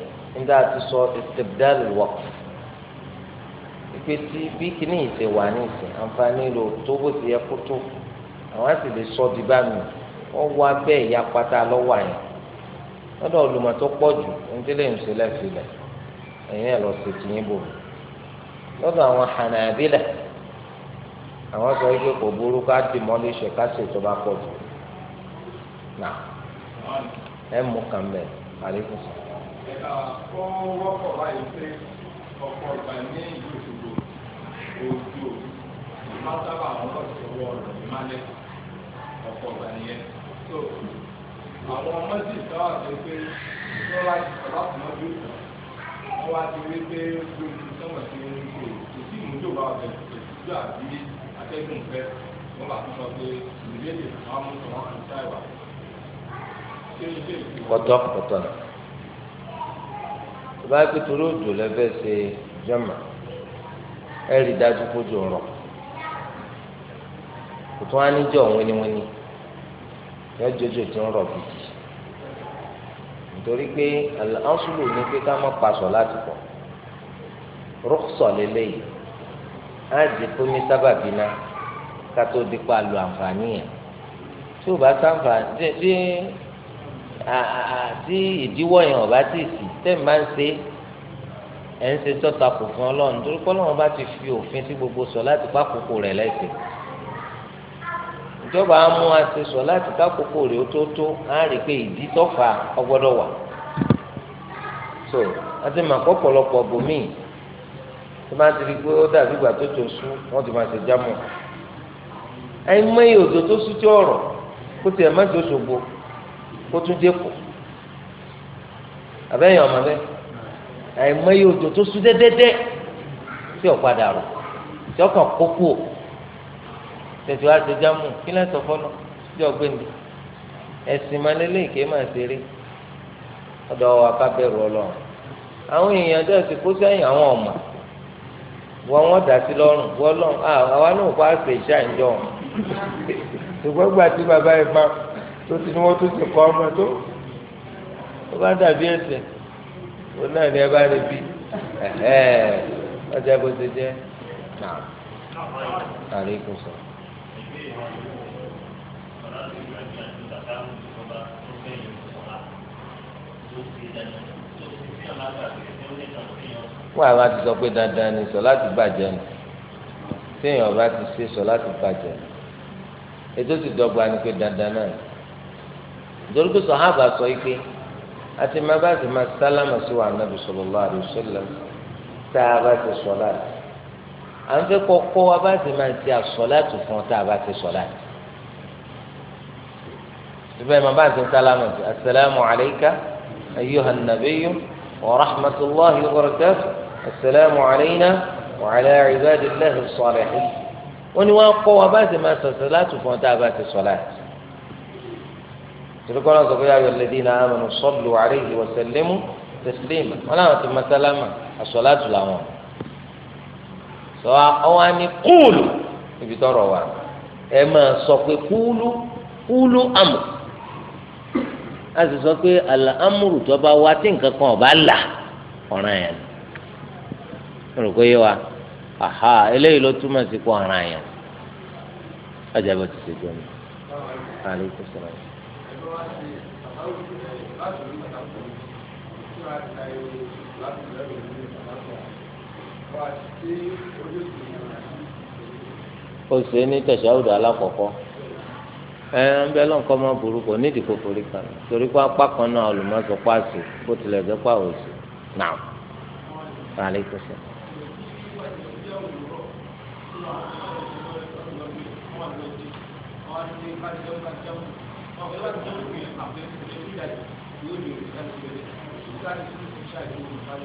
nígbà tó sọ istibdal al-waqt ìpè tí bí kìíní yìí ṣe wà ní ìsìn àǹfààní lò tó bó ti yẹ kó tó àwọn àti lè sọ di bá mi wọ́n wá bẹ́ẹ̀ ya pátá lọ́wọ́ àyàn lọ́dọ̀ olùmọ̀ tó pọ̀ jù nítorí ẹ̀ lọ sí tìyín bò lọ́dọ̀ àwọn àwọn sọ wípé kò burú ká ká pọ̀ jù ẹ̀ mú ó wọ́pọ̀ báyìí pé ọ̀pọ̀ ìgbà ní ìlú Òṣogbo ojú òbí máa sábà àwọn ọlọ́sìn ọwọ́ rẹ̀ ní málẹ̀ ọ̀pọ̀ ìgbà nìyẹn so àwọn ọmọ sì sábà pé pé wọ́n wá láti mọ́ bí òkú wọ́n wá ti rí pé ojú sọ́wọ́n ti ń kó kò sí ìmúdò bá ọ̀bẹ ìtújú àbí atẹ́gùn fẹ́ wọ́n bá tún sọ pé ìdílé lè máa mú sọ̀rọ̀ àti táìwá. kọ́tọ́ kọ́tọ́ tó bá pé torí òjò lẹ́fẹ́ ṣe jọ́mà ẹ rí dájú kójú ọ̀rọ̀ kò tún á níjọ́ wíníwíní yọ jọjọ tí ń rọ̀ gidi nítorí pé àlùsùlù ní pé ká má paṣọ láti pọ̀ rúkṣọ̀ lélẹ́yìí á di pé ní sábàbí náà ká tó di lu àǹfààní yẹn tí ò bá sáǹfààní tí ìdíwọ́ yẹn ọba ti sì tẹ̀ máa ń ṣe ẹ̀ ń ṣe tọ́ta kò fún ọlọ́run torí pé ọlọ́run bá ti fi òfin sí gbogbo sọ láti pákòkò rẹ̀ lẹ́sẹ̀ ìjọba á mú àti sọ láti pákòkò rẹ̀ ó tó tó á rí i pé ìdí tọ́fà ọgbọ́dọ̀ wà so àti màkọ́ pọ̀lọpọ̀ bòmíì tó bá ti di pé ó dàbí ìgbà tó tó sú wọ́n ti máa ṣe jámọ̀ ẹ̀yin mẹ́yìn òdò tó sú tí ọ̀rọ̀ kó tiẹ̀ má kó tún dé kù abẹ́yẹn ọmọ bẹ́ẹ̀ àìmọye òjò tó sún dẹ́dẹ́dẹ́ tí ọ̀padà rò tí ọkàn kó kú o tètè wá ti jámù kí lẹ́sọ̀ fọ́nà tí ọ̀gbẹ́ni ẹ̀sìn máa lélẹ̀ kí ẹ máa ṣeré ọ̀dọ̀ wa ká bẹ̀rù ọlọ́run àwọn èèyàn dẹ́ ti kó sẹ́yìn àwọn ọ̀mà wọ́n wọ́n dà sí lọ́rùn wọ́n lọ́rùn àwa náà kó àṣẹ ìṣàǹjọ́ ṣùgbọ́n gbà tí bàbá yẹn máa tó ti ní wọ́n tó ti kọ́ ọmọ tó ó bá dàbí ẹsẹ̀ ó náà ní ẹ bá rẹ bí ẹ̀hẹ́ ọjà bó ti jẹ́ náà àrí kò sọ. wọ́n àbá ti sọ pé dandan ni sọ láti bàjẹ́ ni téèyàn bá ti ṣe sọ láti bàjẹ́ ni ètò ti dọ́gba ni pé dandan náà nítorí pé sọ̀hábà sọ ike àti máa bá ti máa sálámà sí wa anabi nàbì sallallahu alaihi wasallam tá a bá ti sọ láti à ń fẹ́ kọ́kọ́ wa bá ti máa ti àsọ̀láàtù fún ọ tá a bá ti ma ti sálámà sí asalaamu alayka ayyuhan nabiyyu wa rahmatulahi wa barakatuh asalaamu alayna wa ala ibadillahi salihin. wọ́n ní wọ́n á kọ́ wa bá ti máa sọ̀sọ̀ láti fún ọ tá bá ti sọ láti. tòlókọ́ náà sọ pé ayọ̀ lẹ́dí iná amanu sọ́ọ̀lù àríyí wọ̀sẹ̀lẹ́mú tẹ̀sílẹ́mù wọn làwọn ti máa sálámà àsọ̀láàtù làwọn. sọ àwọn ni kúùlù ibi tọrọ wà ẹ máa sọ pé kúùlù kúùlù àmù a sì sọ pé àlà amúrù tó bá wá tí nǹkan kan ọba là ọ̀ràn yẹn ni rò pé yé wa aha eléyìí ló túmọ̀ sí pé ọ̀ràn yẹn ọjà bó ti ṣe jẹ́ mi. ó ṣe ní tẹ̀síáwùdù alákọ̀ọ́kọ́ ẹ ń bẹ lọ́nkọ́ máa burú kò nídìí kò forí kan torí pé apá kan náà olùmọ̀sọ pàṣẹ bó tilẹ̀ jẹ́ pàwọ̀ sí náà Thank you.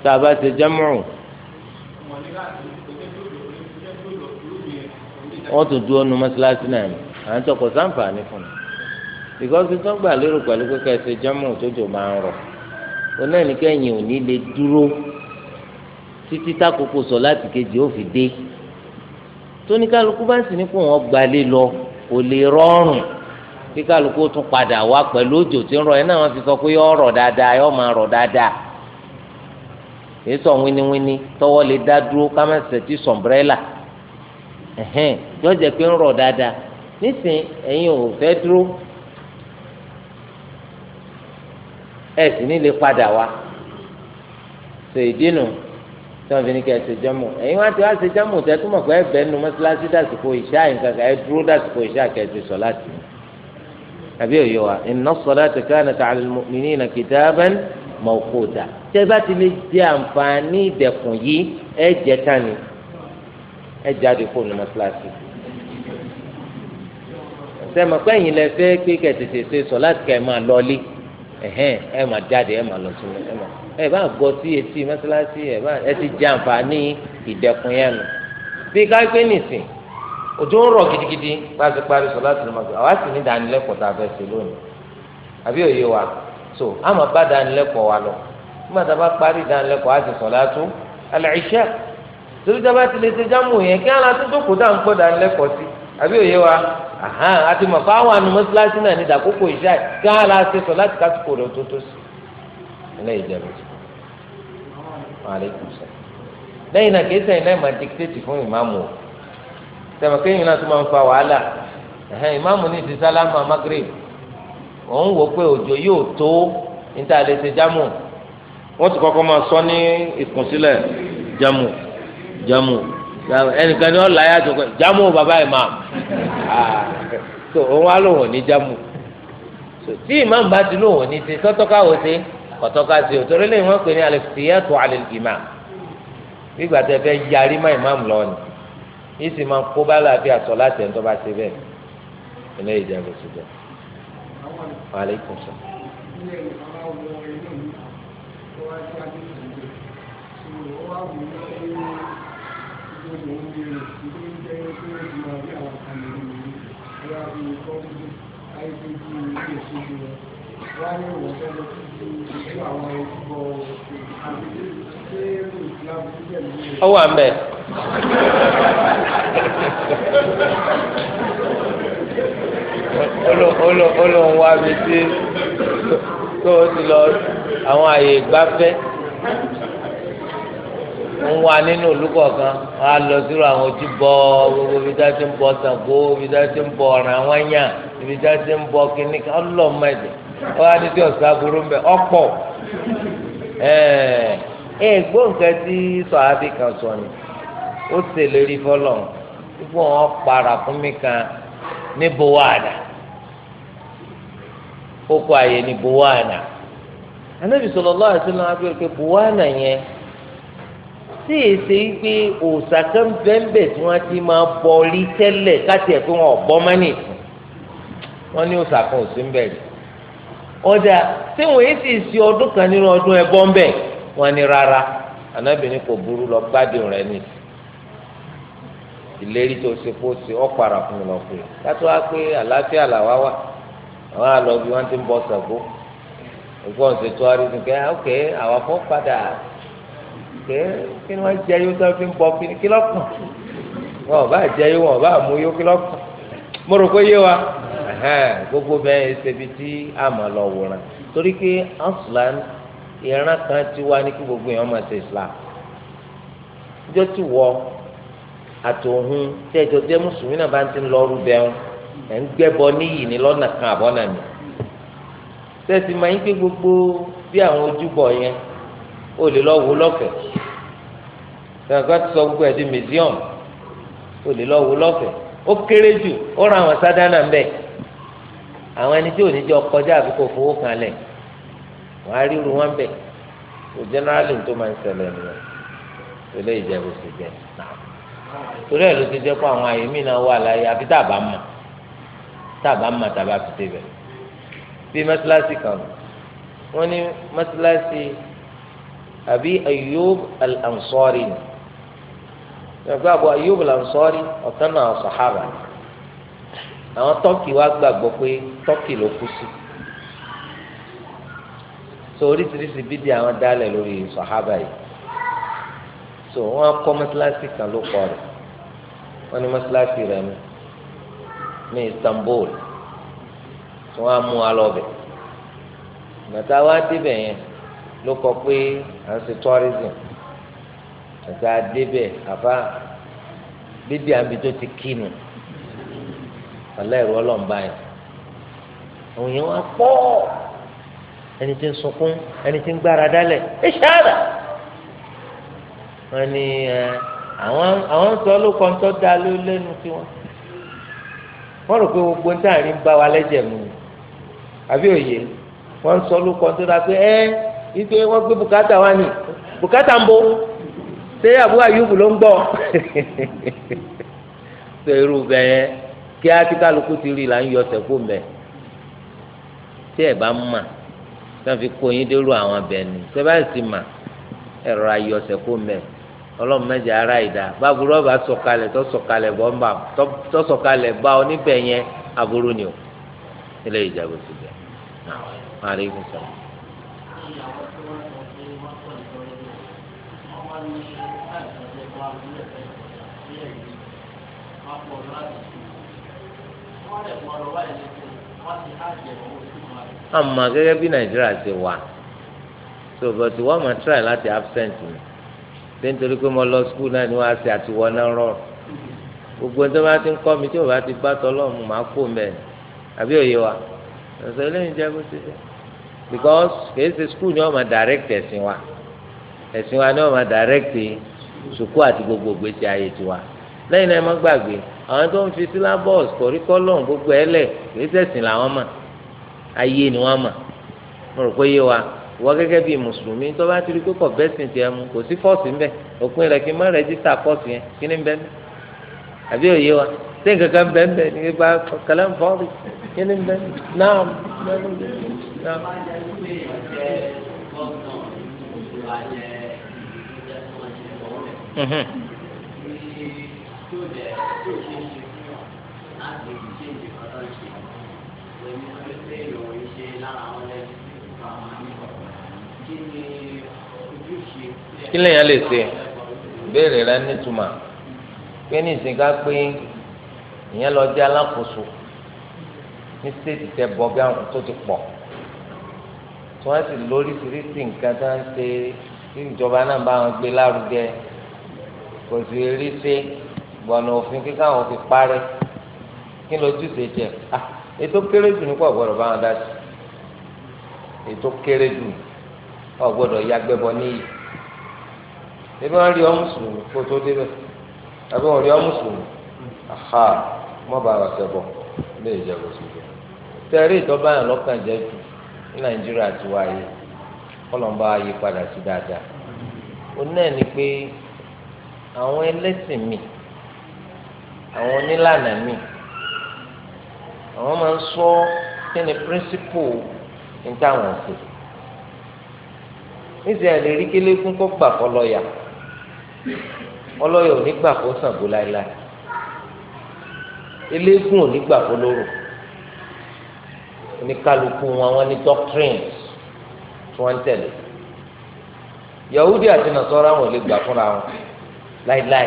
tá a bá ṣe jámọ̀rún wọ́n tún dúró nu mọ́ṣáláṣí náà ni à ń tọkọ sáǹfààní fún un bíkọ́sì tó ń gbà lérò pẹ̀lú pé kẹsẹ̀ jámọ̀ tójò máa ń rọ̀ onáìníkẹ́yìn ò ní lè dúró títí tákòókò sọ láti kejì ó fi dé tóníkàlùkù bá sì ní kó wọn gbalé lọ kò lè rọrùn kí kálukú tún padà wá pẹ̀lú òjò tí ń rọ ẹ náà wọ́n ti sọ pé yọ rọ̀ dáadáa yọ máa rọ̀ dáadáa èyí sọ wíníwíní tọwọ́ lè dá dúró kámẹ́sẹ̀ tí sọ̀mbrẹ́là ẹ̀hẹ́n yọ jẹ́ pé ń rọ̀ dáadáa nísìn ẹ̀yin ò fẹ́ dúró ẹ̀ sì ní lè padà wá ṣe ìdínú tí wọn fi ní kí ẹ ṣe jámù ẹ̀yin wá ti wá ṣe jámù tẹ pé ẹ bẹ́ẹ̀ nu mọ́ṣáláṣí dàsìkò ìṣá nǹkan kan ẹ dúró dàsìkò ìṣá kẹsì sọ láti ní àbí òye wa inna as-salata kanat 'ala al-mu'minina kitaban mawquta tẹ bá ti lè jẹ àǹfààní ìdẹ̀kùn yìí ẹ jẹ tani ẹ jáde fóònù mọ́sálásí sẹ́mi pé ẹ̀yin lẹ fẹ́ pé kẹ̀tẹ̀tẹ̀ ṣe sọ láti kẹ́ ẹ máa lọlé ẹ máa jáde ẹ máa lọ sí ẹ máa ẹ bá gbọ́ sí etí mọ́sálásí ẹ bá ẹ ti jẹ àǹfààní ìdẹ̀kùn yẹn nù bí káyọ̀ pé nìsín òjò ń rọ̀ gidigidi pàṣẹ parí sọ láti lọ́mọ àwa sì ní ìdánilẹ́kọ̀ọ́ tá a fẹ́ ṣe lónìí àbí òye wa so àmọ́ bá ìdánilẹ́kọ̀ọ́ wa lọ nígbà tá a bá parí ìdánilẹ́kọ̀ọ́ á ti sọ látú al-Isha torí tá a bá ti lè ṣe jámù yẹn kí ara tó dókòó dá ń gbọ́ ìdánilẹ́kọ̀ọ́ sí àbí òye wa àti mọ̀ fáwọn àánú mọ́sálásí náà ní ìdàkókò ìṣá kí ara ṣe sọ tẹmẹkẹyìn náà tó máa ń fa wàhálà ẹhẹn ìmáàmù ní ìsísálámà magrib òun wò pé òjò yóò tó níta lè ṣe jámù wọ́n ti kọ́kọ́ máa sọ ní ìkùnsílẹ̀ jámù jámù ẹnìkan ni wọ́n là yá jọkọ jámù bàbá imam so òun á lòun ò ní jámù tí imam bá ti lòun ò ní ṣe sọtọka ò ṣe kọtọka ṣe òtọrọ lẹ́yìn wọ́n pè ní alẹ fìyàtọ alẹ ìmà bí gbàtẹ fẹ́ yarí má imam lọ yìí sì máa kó bá láàbí àtọ láti ẹni tó bá ṣe bẹ́ẹ̀ ilé ìjẹun sì jẹ maaleykum sọ. ọwọ́ àmbẹ̀. olóhùn wa bi tí tó o ti lọ àwọn àyè ìgbafẹ́ ń nínú ìlú kan a lọ sírò àwọn bọ gbogbo ibi tá a ti ń bọ ibi tá a ti ń bọ ọ̀ràn àwọn ibi tá a ti ń bọ kínní kan ọlọ́mọdé wọ́n á ní tí ọ̀sán aburú ń bẹ ọ̀pọ̀ ẹ̀ẹ́ kan sọ ni. ó ṣèlérí fọlọ púpọ̀ wọn para fún kan ní bowada ó kọ ní bowada anabi sallallahu alaihi wasallam abẹ òkè yẹn tí èsè pé òòsà kan tí wọ́n ti máa bọ rí tẹ́lẹ̀ káti ẹ̀ wọn ò bọ́ mọ́nì wọn ní ń bẹ̀rẹ̀ ọjà tí wọn yìí sì ọdún kan nínú ọdún ẹ̀ bọ́ ń bẹ̀ wọn ìlérí tó ṣe kó ṣe ọ̀pàrà fún un lọ pé kátó wá pé àlàáfíà làwa wà àwọn àlọ́ bí wọ́n ti ń bọ Ṣàngó ògbọ́n ṣe tó arídùn kẹ́ àwọn padà kẹ́ kí ni wọ́n jẹ yóò tó fi ń kí wọn ò bá wọn ò bá mú kí mo rò pé yé wa gbogbo bẹ́ẹ̀ tí a mọ̀ lọ wòran torí pé gbogbo àtòhun tẹ́ ẹjọ́ jẹ́ mùsùlùmí náà bá ń ti lọ ọrú bẹ́ẹ̀ ẹ̀ ń gbẹ́bọ níyì ní lọ́nà kan àbọ̀nà mi tẹ́sí máa ń gbé gbogbo bí àwọn ojúbọ yẹn ó lè lọ wò lọ́fẹ̀ẹ́ tẹ̀sán ká ti sọ gbogbo ẹ̀ di museum ó lè lọ wò lọ́fẹ̀ẹ́ ó kéré jù ó ra àwọn sádánà ń bẹ̀ àwọn ẹni tí ò ní jẹ́ ọkọjá àfi kò fowó kan lẹ̀ wọ́n á rí irun wọn bẹ̀ kò jẹ́nẹ́rálì tó máa ń ṣẹlẹ̀ nìyẹn tó lè jẹ́ náà torí ẹ̀ ló ti jẹ́ pé àwọn àyè mí náà wà láyé àfi tá a bá mọ̀ tá a bá mọ̀ tá a bá fi dé bẹ̀ bí mọ́sálásí kan wọ́n ní mọ́sálásí àbí Ayyub al ni ẹgbẹ́ àbọ̀ Ayyub al-Ansari náà sàhábà àwọn tọ́kì wa gbàgbọ́ pé tọ́kì ló kú sí so oríṣiríṣi bídìí àwọn dálẹ̀ lórí sàhábà yìí so wọ́n kọ́ mọ́sálásí kan ló kọ́ rẹ̀ wọ́n ní mọ́sálásí rẹ̀ mi ní Istanbul tí wọ́n á mú wa lọ bẹ̀ bàtà wa débẹ̀ yẹn ló kọ pé à ń ṣe tourism bàtà débẹ̀ àfa bíbí àbí tó ti kínu ọ̀lẹ́ ìrù ọlọ́mba yẹn òun yẹn wá pọ̀ ẹni tí ń sunkún ẹni tí ń gbára dálẹ̀ ẹ ṣáàdà wọ́n ní ẹ. Uh, àwọn àwọn sọ ló kọ́ tó dá ló lẹ́nu sí wọn wọ́n rò pé gbogbo ń tàn rí ń bá wa lẹ́jẹ̀ mu ni àbí òye wọ́n sọ ló kọ́ tó dá pé ẹ́ ipe wọ́n gbé bùkátà wa ni bùkátà ń bọ̀ ṣé àbúrò àyùbù ló ń gbọ́ ṣe irú bẹ́ẹ̀ kí á ti ti rí là ń yọ ọ̀sẹ̀ mẹ́ tí ẹ̀ bá mà tí wọ́n fi kó yín dérú àwọn abẹ́ni tí bá sì mà ẹ̀rọ ayọ̀ ọ̀sẹ̀ mẹ́ẹ̀ ọlọ́run mẹ́jẹ ara ìdá báburú ọba sọ̀kalẹ̀ tó sọ̀kalẹ̀ bọ́ ń bà tó sọ̀kalẹ̀ bá ọ níbẹ̀ yẹn aburú ni o ilé ìjàgbọ́ ti bẹ̀ náà má rí fún sọ. àmọ́ gẹ́gẹ́ bí nàìjíríà ti wà tó wọ́n máa tíráì láti absent mi. pé nítorí pé mo lọ skul náà ni wọ́n á náà gbogbo ẹni tó bá ti ń kọ́ mi tí òbá ti bá tọ́lọ́mù máa kó mẹ́ àbí òye wa eléyìí jẹ́ bó ṣe jẹ́ because ṣe skul ni wọ́n máa direct ẹ̀sìn wa ẹ̀sìn wa ni wọ́n máa direct àti gbogbo gbèsè ayé tiwa lẹ́yìn náà ẹ má gbàgbé àwọn tó ń fi syllabus gbogbo ẹ̀ lẹ̀ ṣẹ̀sìn làwọn mọ̀ ayé ni wọ́n mọ̀ wa wọ́n gẹ́gẹ́ bíi mùsùlùmí tó bá ti rí kókò bẹ́sìn tiẹ̀ mu kò sí fọ́ọ̀sì ńbẹ òpin rẹ̀ kí n má rẹ́jísítà kọ́ọ̀sì yẹn kí ni bẹ́ẹ̀ àbí òye wa ṣé nǹkan kan bẹ́ẹ̀ bẹ́ẹ̀ ní bá kẹlẹ́ ń fọ́ọ̀rì kí ni bẹ́ẹ̀ náà náà. Mm-hmm kí lèèyàn lè ṣe béèrè rẹ nítumọ̀ pé ní ìsìnká pé ìyẹn lọ jẹ́ alákòóso ní stéètì tẹ bọ́ bí àwọn tó ti pọ̀ tí wọ́n sì lóríṣiríṣi nǹkan tó ń ṣe tí ìjọba náà bá wọn gbé lárugẹ kò sì rí ṣe gbọ̀nà òfin kíkà wọn fi parẹ́ kí lójúṣe jẹ ètò kéré jù ní pọ̀ gbọ́dọ̀ bá wọn dá sí ètò kéré jù ọ gbọ́dọ̀ yagbẹbọ níyì ebi wọn rí ọ mùsùlùmí kó tó débẹ̀ àbí wọn rí ọ mùsùlùmí aha mọ bàrà sẹbọ ilé ìjẹbù sùgbọ tẹrí ìtọ́ba yẹn lọ́kàn jẹ́ jù ní nàìjíríà ti wáyé kọlọmbà yí padà sí dáadáa ó náà ni pé àwọn ẹlẹ́sìn mi àwọn onílànà mi àwọn máa ń sọ kí ni píríncípù ní táwọn ṣe níṣẹ́ ẹ̀ lè rí kélékún kó gbà kọ́ lọ́ọ̀yà ọlọ́yà ò ní gbà kó Ṣàngó láéláé eléégún ò ní gbà kó lóró oníkálukú wọn wọn ní doctrines tí wọ́n ń tẹ̀lé Yahudi àti Nasara wọn ò lè gbà fúnra wọn láéláé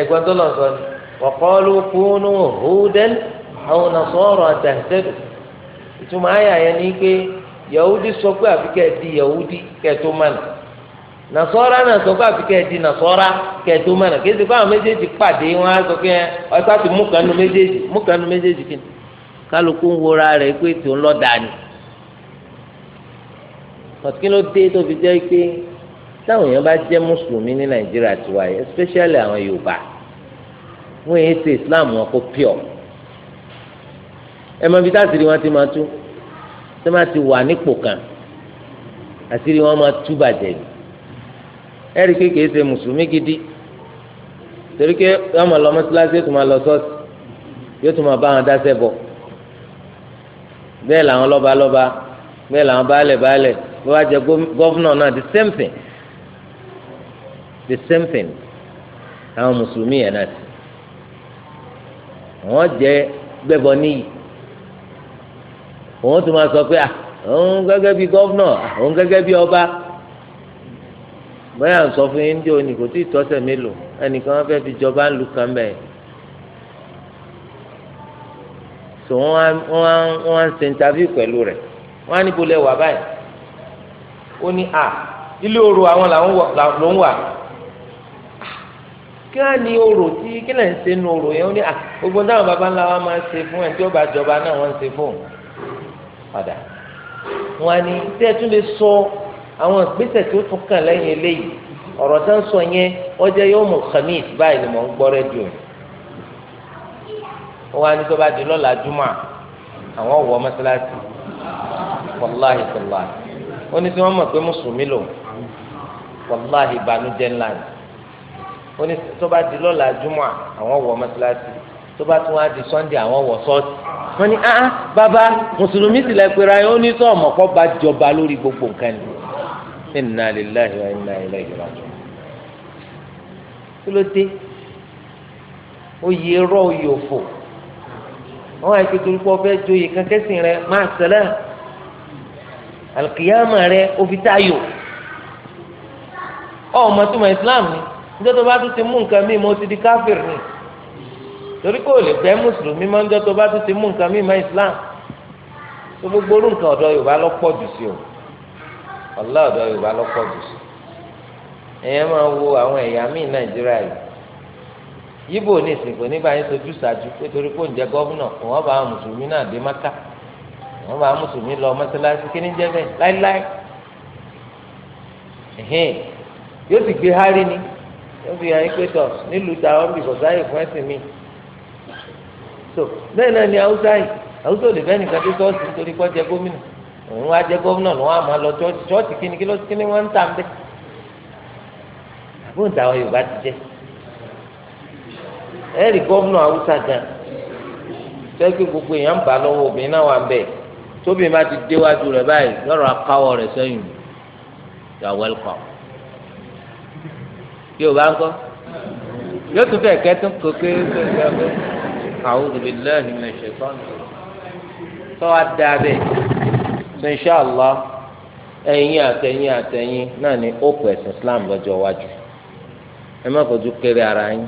ẹ̀gbọ́n tó lọ sọ ni wa qalu kunu hudan aw nasara tahtadu ìtumọ̀ ayà yẹn ni pé yahudi sọ pé àfikẹ́ di yahudi kẹ́ ẹ̀ tó mọ̀nà nasọra náà sọ pé àfikẹ́ ẹ̀ di nasọra kẹ́ ẹ̀ tó mọ̀nà kí ẹ ti kọ́ àwọn méjèèjì pàdé wọn á sọ pé ọ̀tá ti mú kanu méjèèjì mú kanu méjèèjì kí ni kálukú ń wora rẹ̀ pé tó ń lọ dání pàtùkì dé tó fi jẹ́ pé táwọn èèyàn bá jẹ́ mùsùlùmí ní nàìjíríà tiwa yìí especially àwọn yorùbá wọ́n yéé ṣe islam wọn kó pure ẹ mọ ibi tá àṣírí wọn ti máa tú ṣé máa ti wà nípò kan àṣírí wọn máa tú bàjẹ́ ni ẹ rí i kéèké ṣe mùsùlùmí gidi torí pé wọn máa lọ mọ́ṣáláṣí yóò tún máa lọ ṣọ́ọ̀ṣì yóò tún máa bá wọn dáṣẹ́ bọ̀ bẹ́ẹ̀ làwọn lọ́ba lọ́ba bẹ́ẹ̀ làwọn baálẹ̀ baálẹ̀ bí wọ́n á jẹ gọ́vnọ̀ náà the same thing the same thing àwọn mùsùlùmí yẹn náà ti wọ́n jẹ gbẹ́bọ níyì òun ti máa sọ pé ah, òun gẹ́gẹ́ bíi gọ́vnọ̀ ah, òun gẹ́gẹ́ bíi ọba bóyá ń sọ fún yín ní òní kò tí tọ́sẹ̀ mélòó ẹnìkan wọn fẹ́ fi jọba ń lu kan bẹ́ẹ̀ so wọ́n wọ́n ń ṣe interview pẹ̀lú rẹ̀ wọ́n á níbo lẹ wà báyìí ó ní à ah, ilé orò àwọn làwọn ló ń wà kí á ní orò tí kí náà ṣe nu orò yẹn ó ní à gbogbo táwọn baba ńlá wa máa ń ṣe fún ẹ̀ tí ó bá jọba náà wọ́n ń ṣe fún òun padà wọn á ní tẹ́ ẹ tún lè sọ àwọn ìgbésẹ̀ tó tún kàn lẹ́yìn eléyìí ọ̀rọ̀ tó ń sọ yẹn ọjọ́ yóò mú khamis báyìí ni mò ń gbọ́ rẹ́díò wọn á ní tó bá di lọ́la júmọ̀ àwọn wọ mọ́sálásí wàláhì wàláhì ó ní tí wọ́n mọ̀ pé mùsùlùmí lò wàláhì ìbànújẹ́ ńlá ni ó ní tó bá di lọ́la júmọ̀ àwọn wọ mọ́sálásí tó bá tún wá di sọ́ndé àwọn wọ sọ́ọ̀tì wọ́n ní ah, ah bàbá mùsùlùmí sì lẹ pera yín ó ní sọ ọmọ kọ́ bá jọba lórí gbogbo nǹkan ni inna lillahi wa inna ilayhi raji'un. kí ló dé oyè rọ oyè òfò wọn àti torí pé ọfẹ joyè kankan sìn rẹ máa sẹlẹ alùkìyàmà rẹ òfin táyò ọmọ tó mọ islam ni nítorí tó bá tún ti mú nǹkan míì mọ ti di káfíìrì ni torí kò lè bẹ́ mùsùlùmí máa ń jọ́ tó bá tún ti mú nǹkan mímọ́ islam tó gbogbo orú nǹkan ọ̀dọ́ yorùbá lọ́pọ̀ jù sí o ọ̀lá ọ̀dọ́ yorùbá lọ́pọ̀ jù sí ẹ̀yẹ́ máa wo àwọn ẹ̀yà míì nàìjíríà yìí yíbò ní ìsìnkú nígbà yẹn sojú ṣáájú pé torí kò ń jẹ gọ́vùnà kò wọ́n bá àwọn mùsùlùmí náà dé mọ́ká wọ́n bá mùsùlùmí lọ mọ́sálásí kí ní jẹ́ bẹ́ẹ̀ láíláí yóò sì gbé hárí ni yóò fi hàn yín pé tọ̀ nílùú tàwọn bìkọ̀ sáyè fún ẹ̀sìn mi so bẹ́ẹ̀ náà ni haúsá yìí haúsá ò lè bẹ́ẹ̀ nìkan tó ṣọ́ọ̀ṣì nítorí kọ́ jẹ gómìnà òun wá jẹ gómìnà ló wà máa lọ ṣọ́ọ̀ṣì ṣọ́ọ̀ṣì kíni kíni kíni wọ́n ń tà ń bẹ́ àbúrò táwọn Yorùbá ti jẹ ẹ rí gómìnà haúsá gan fẹ́ kí gbogbo èèyàn ń bà lọ́wọ́ obìnrin náà wà ń bẹ̀ tóbi má ti déwájú rẹ̀ báyìí lọ́rọ̀ akáwọ̀ rẹ̀ sẹ́yìn you are welcome yóò bá ń kọ́ yóò tún fẹ́ kẹ́tún kókè a'udhu billahi minash shaitani tó a da bẹ́ẹ̀ so inshàlá ẹ̀yin àtẹ̀yin náà ni ó pẹ̀ ẹ̀sìn islam lọ́jọ́ iwájú ẹ má kojú kéré ara yín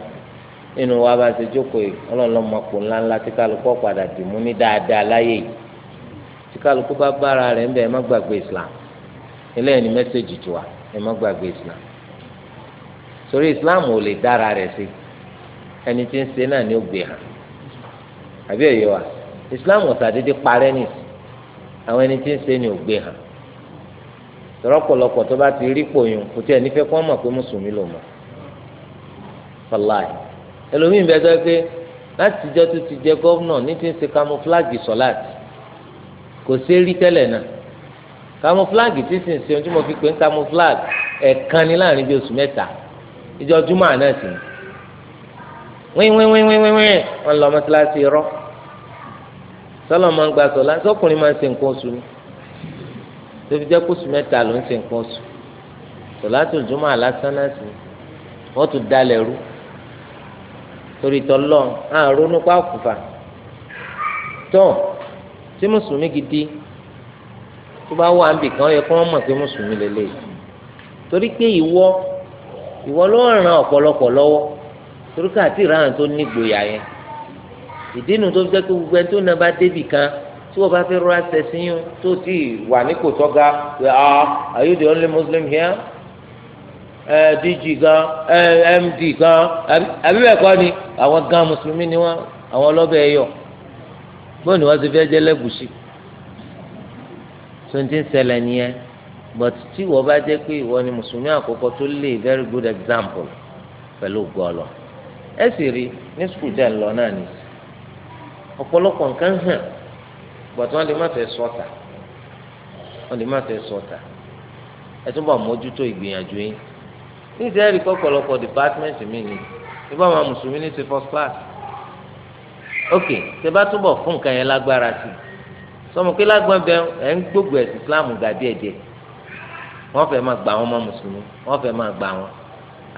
nínú wa bá ṣe jókòó yìí ọlọ́run ńláńlá tí kálukú padà dì mú ní dáadáa láyé yìí tí kálukú bá islam eléyìí ni mẹ́sẹ̀gì tó wa islam torí islam ò lè dára sí ẹni tí ń ṣe àbí ẹ̀yẹ wa islam ọ̀sàdédé parẹ́ nì àwọn ẹni tí ń ṣe ni ò gbé hàn tọ́lọ́pọ̀lọpọ̀ tó bá ti rí pòyùn kò tí ẹ̀ nífẹ̀ẹ́ kọ́ mọ̀ pé mùsùlùmí ló mọ̀ fọláì ẹlòmíín bẹ sọ pé láti jọ tó ti jẹ gọ́vnà ní ti ń ṣe kamufláàgì sọ̀láàtì kò sí rí tẹ́lẹ̀ náà kamufláàgì tí sì ń ṣe ohun tí fi pè ń kamufláàgì ẹ̀ẹ̀kan ní láàrin bí oṣù mẹ́ta ìjọ júmọ̀ àná sí wíwíwíwíwíwí wọn lọ mọ́tíláṣí sọlọ máa ń gba sọlá sọkùnrin máa ń ṣe nǹkan oṣù ni tóbi jẹ́ kóṣù mẹ́ta ló ń ṣe nǹkan oṣù sọlá tó jùmọ̀ àlásán náà sí wọ́n tún dalẹ̀ rú torí tọ́lọ́ àrùn nípa òkùnfà tó tí mùsùlùmí gidi tó bá wà níbì kan yẹ kó wọ́n mọ̀ pé mùsùlùmí lélẹ̀ torí pé ìwọ ìwọ ló ń ran ọ̀pọ̀lọpọ̀ lọ́wọ́ torí káàtì ìrànà tó nígboyà yẹn ìdí nu tó jẹ́ pé gbogbo ẹni tó nà bá débì kan tí wọ́n bá fẹ́ rọra sẹ̀sìn yín tó ti wà nípò tọ́ga ẹ ah are you the only muslim here ẹ dg gan ẹ md gan àbí bẹ́ẹ̀ kọ́ ni àwọn gan mùsùlùmí ni wọ́n àwọn ọlọ́bẹ̀ ẹ̀yọ̀ bóyá ni wọ́n ti fẹ́ jẹ́ lẹ́gùsì tó ń ti ń ṣẹlẹ̀ nìyẹn but tí wọ́n bá jẹ́ pé ìwọ ni mùsùlùmí àkọ́kọ́ tó lè very good example pẹ̀lú gọ́ọ̀lọ̀ ẹ sì rí ní sùkúù tẹ̀ ọ̀pọ̀lọpọ̀ nǹkan hàn gbọ̀tí wọ́n lè má fẹ́ sọ̀tà wọ́n lè má fẹ́ sọ̀tà ẹ túbọ̀ mójútó ìgbìyànjú yín ní ìdẹ́rì kọ́pọ̀lọpọ̀ dìpátímẹ́ǹtì mi ni ibà máa mùsùlùmí ní ti first class ok tẹ bá túbọ̀ fún nǹkan yẹn lágbára sí sọmọ pé lágbọ́n bẹ ẹ̀ ń gbógbó ẹ̀sìn Islam gà díẹ̀díẹ̀ wọ́n fẹ́ máa gbà wọn mọ́ mùsùlùmí wọ́n fẹ́ máa gbà wọn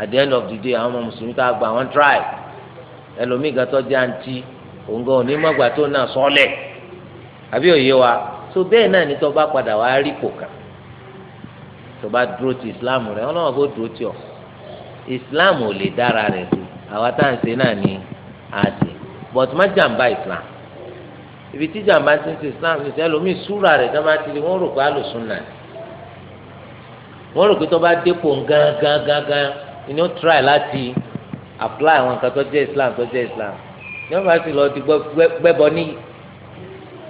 at the end of the day àwọn ọmọ mùsùlùmí tá a gbà wọn try ẹlòmíì gàtọ́ jẹ́ àǹtí òǹgàn òní mọ́gbà tó náà sọ́lẹ̀ àbí òye wa so bẹ́ẹ̀ náà ní tó bá padà wá rí kò kàn tó bá dúró ti islam rẹ ọlọ́wọ́n kó dúró ti ọ islam ò lè dára rẹ sí àwa tá à ń ṣe náà ní àṣẹ but má jàǹbá islam ibi tí jàǹbá ti ń ṣe islam ní sẹ́lẹ̀ omi ìṣúra rẹ̀ tó bá ti di wọ́n rò pé àlùsùn náà wọ́n rò pé tó bá dépò gángan gángan ni ó try láti apply àwọn nǹkan tó jẹ́ islam tó jẹ́ islam yóò bá sì lọ ti gbẹ́bọ o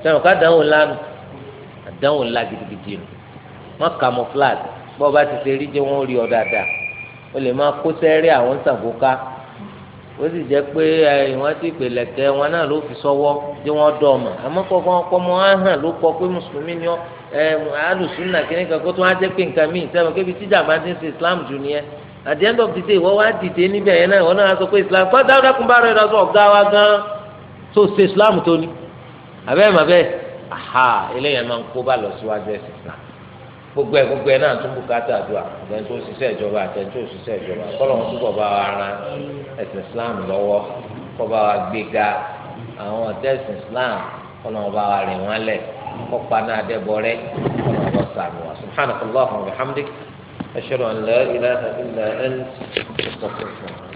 sẹ́wọ̀n ká dánwò lánàá àdánwò ńlá gidigidi nù wọ́n camouflage bọ́ ọba ti ṣe rí jẹ́ wọ́n rí ọ dáadáa o lè máa kó sẹ́rí àwọn sàgóká ó sì jẹ́ pé wọ́n ti pèlẹ̀kẹ́ wọn náà ló fi sọ́wọ́ jẹ́ wọ́n dọ̀ ọ̀mà àmọ́ kọ̀ọ̀kan ọkọ mọ́ á hàn ló kọ pé mùsùlùmí ni ọ́ alùsùnà kìnnìkan kó tó wá jẹ́ pé nǹkan míì sẹ́wọ̀n kébi tíjà bá ti ń ṣe Islam jù nìyẹn at the end of the day wọ́n wá dìde níbẹ̀ yẹn náà wọ́n náà sọ pé islam fún dáadáa kún bá rẹ̀ lọ sọ ọ̀gá wa gan tó ṣe islam tó ní abẹ́rẹ́ màbẹ́ aha eléyàn máa ń kó bá lọ síwájú ẹ̀sìn islam gbogbo ẹ gbogbo ẹ náà tún bùkátà àdúrà ẹni tó ṣiṣẹ́ ìjọba àti ẹni tó ṣiṣẹ́ ìjọba kọ́lọ̀ wọn túbọ̀ bá wa ran ẹ̀sìn islam lọ́wọ́ kọ́ bá wa gbé ga àwọn ọ̀tẹ́sìn islam kọ́lọ̀ wọn bá wa rìn wọ́n lẹ̀ kọ́ paná adẹ́bọrẹ́ kọ́lọ̀ wọn sàmùwà subhanahu wa ta'ala wa أشهد أن لا إله إلا أنت أستغفرك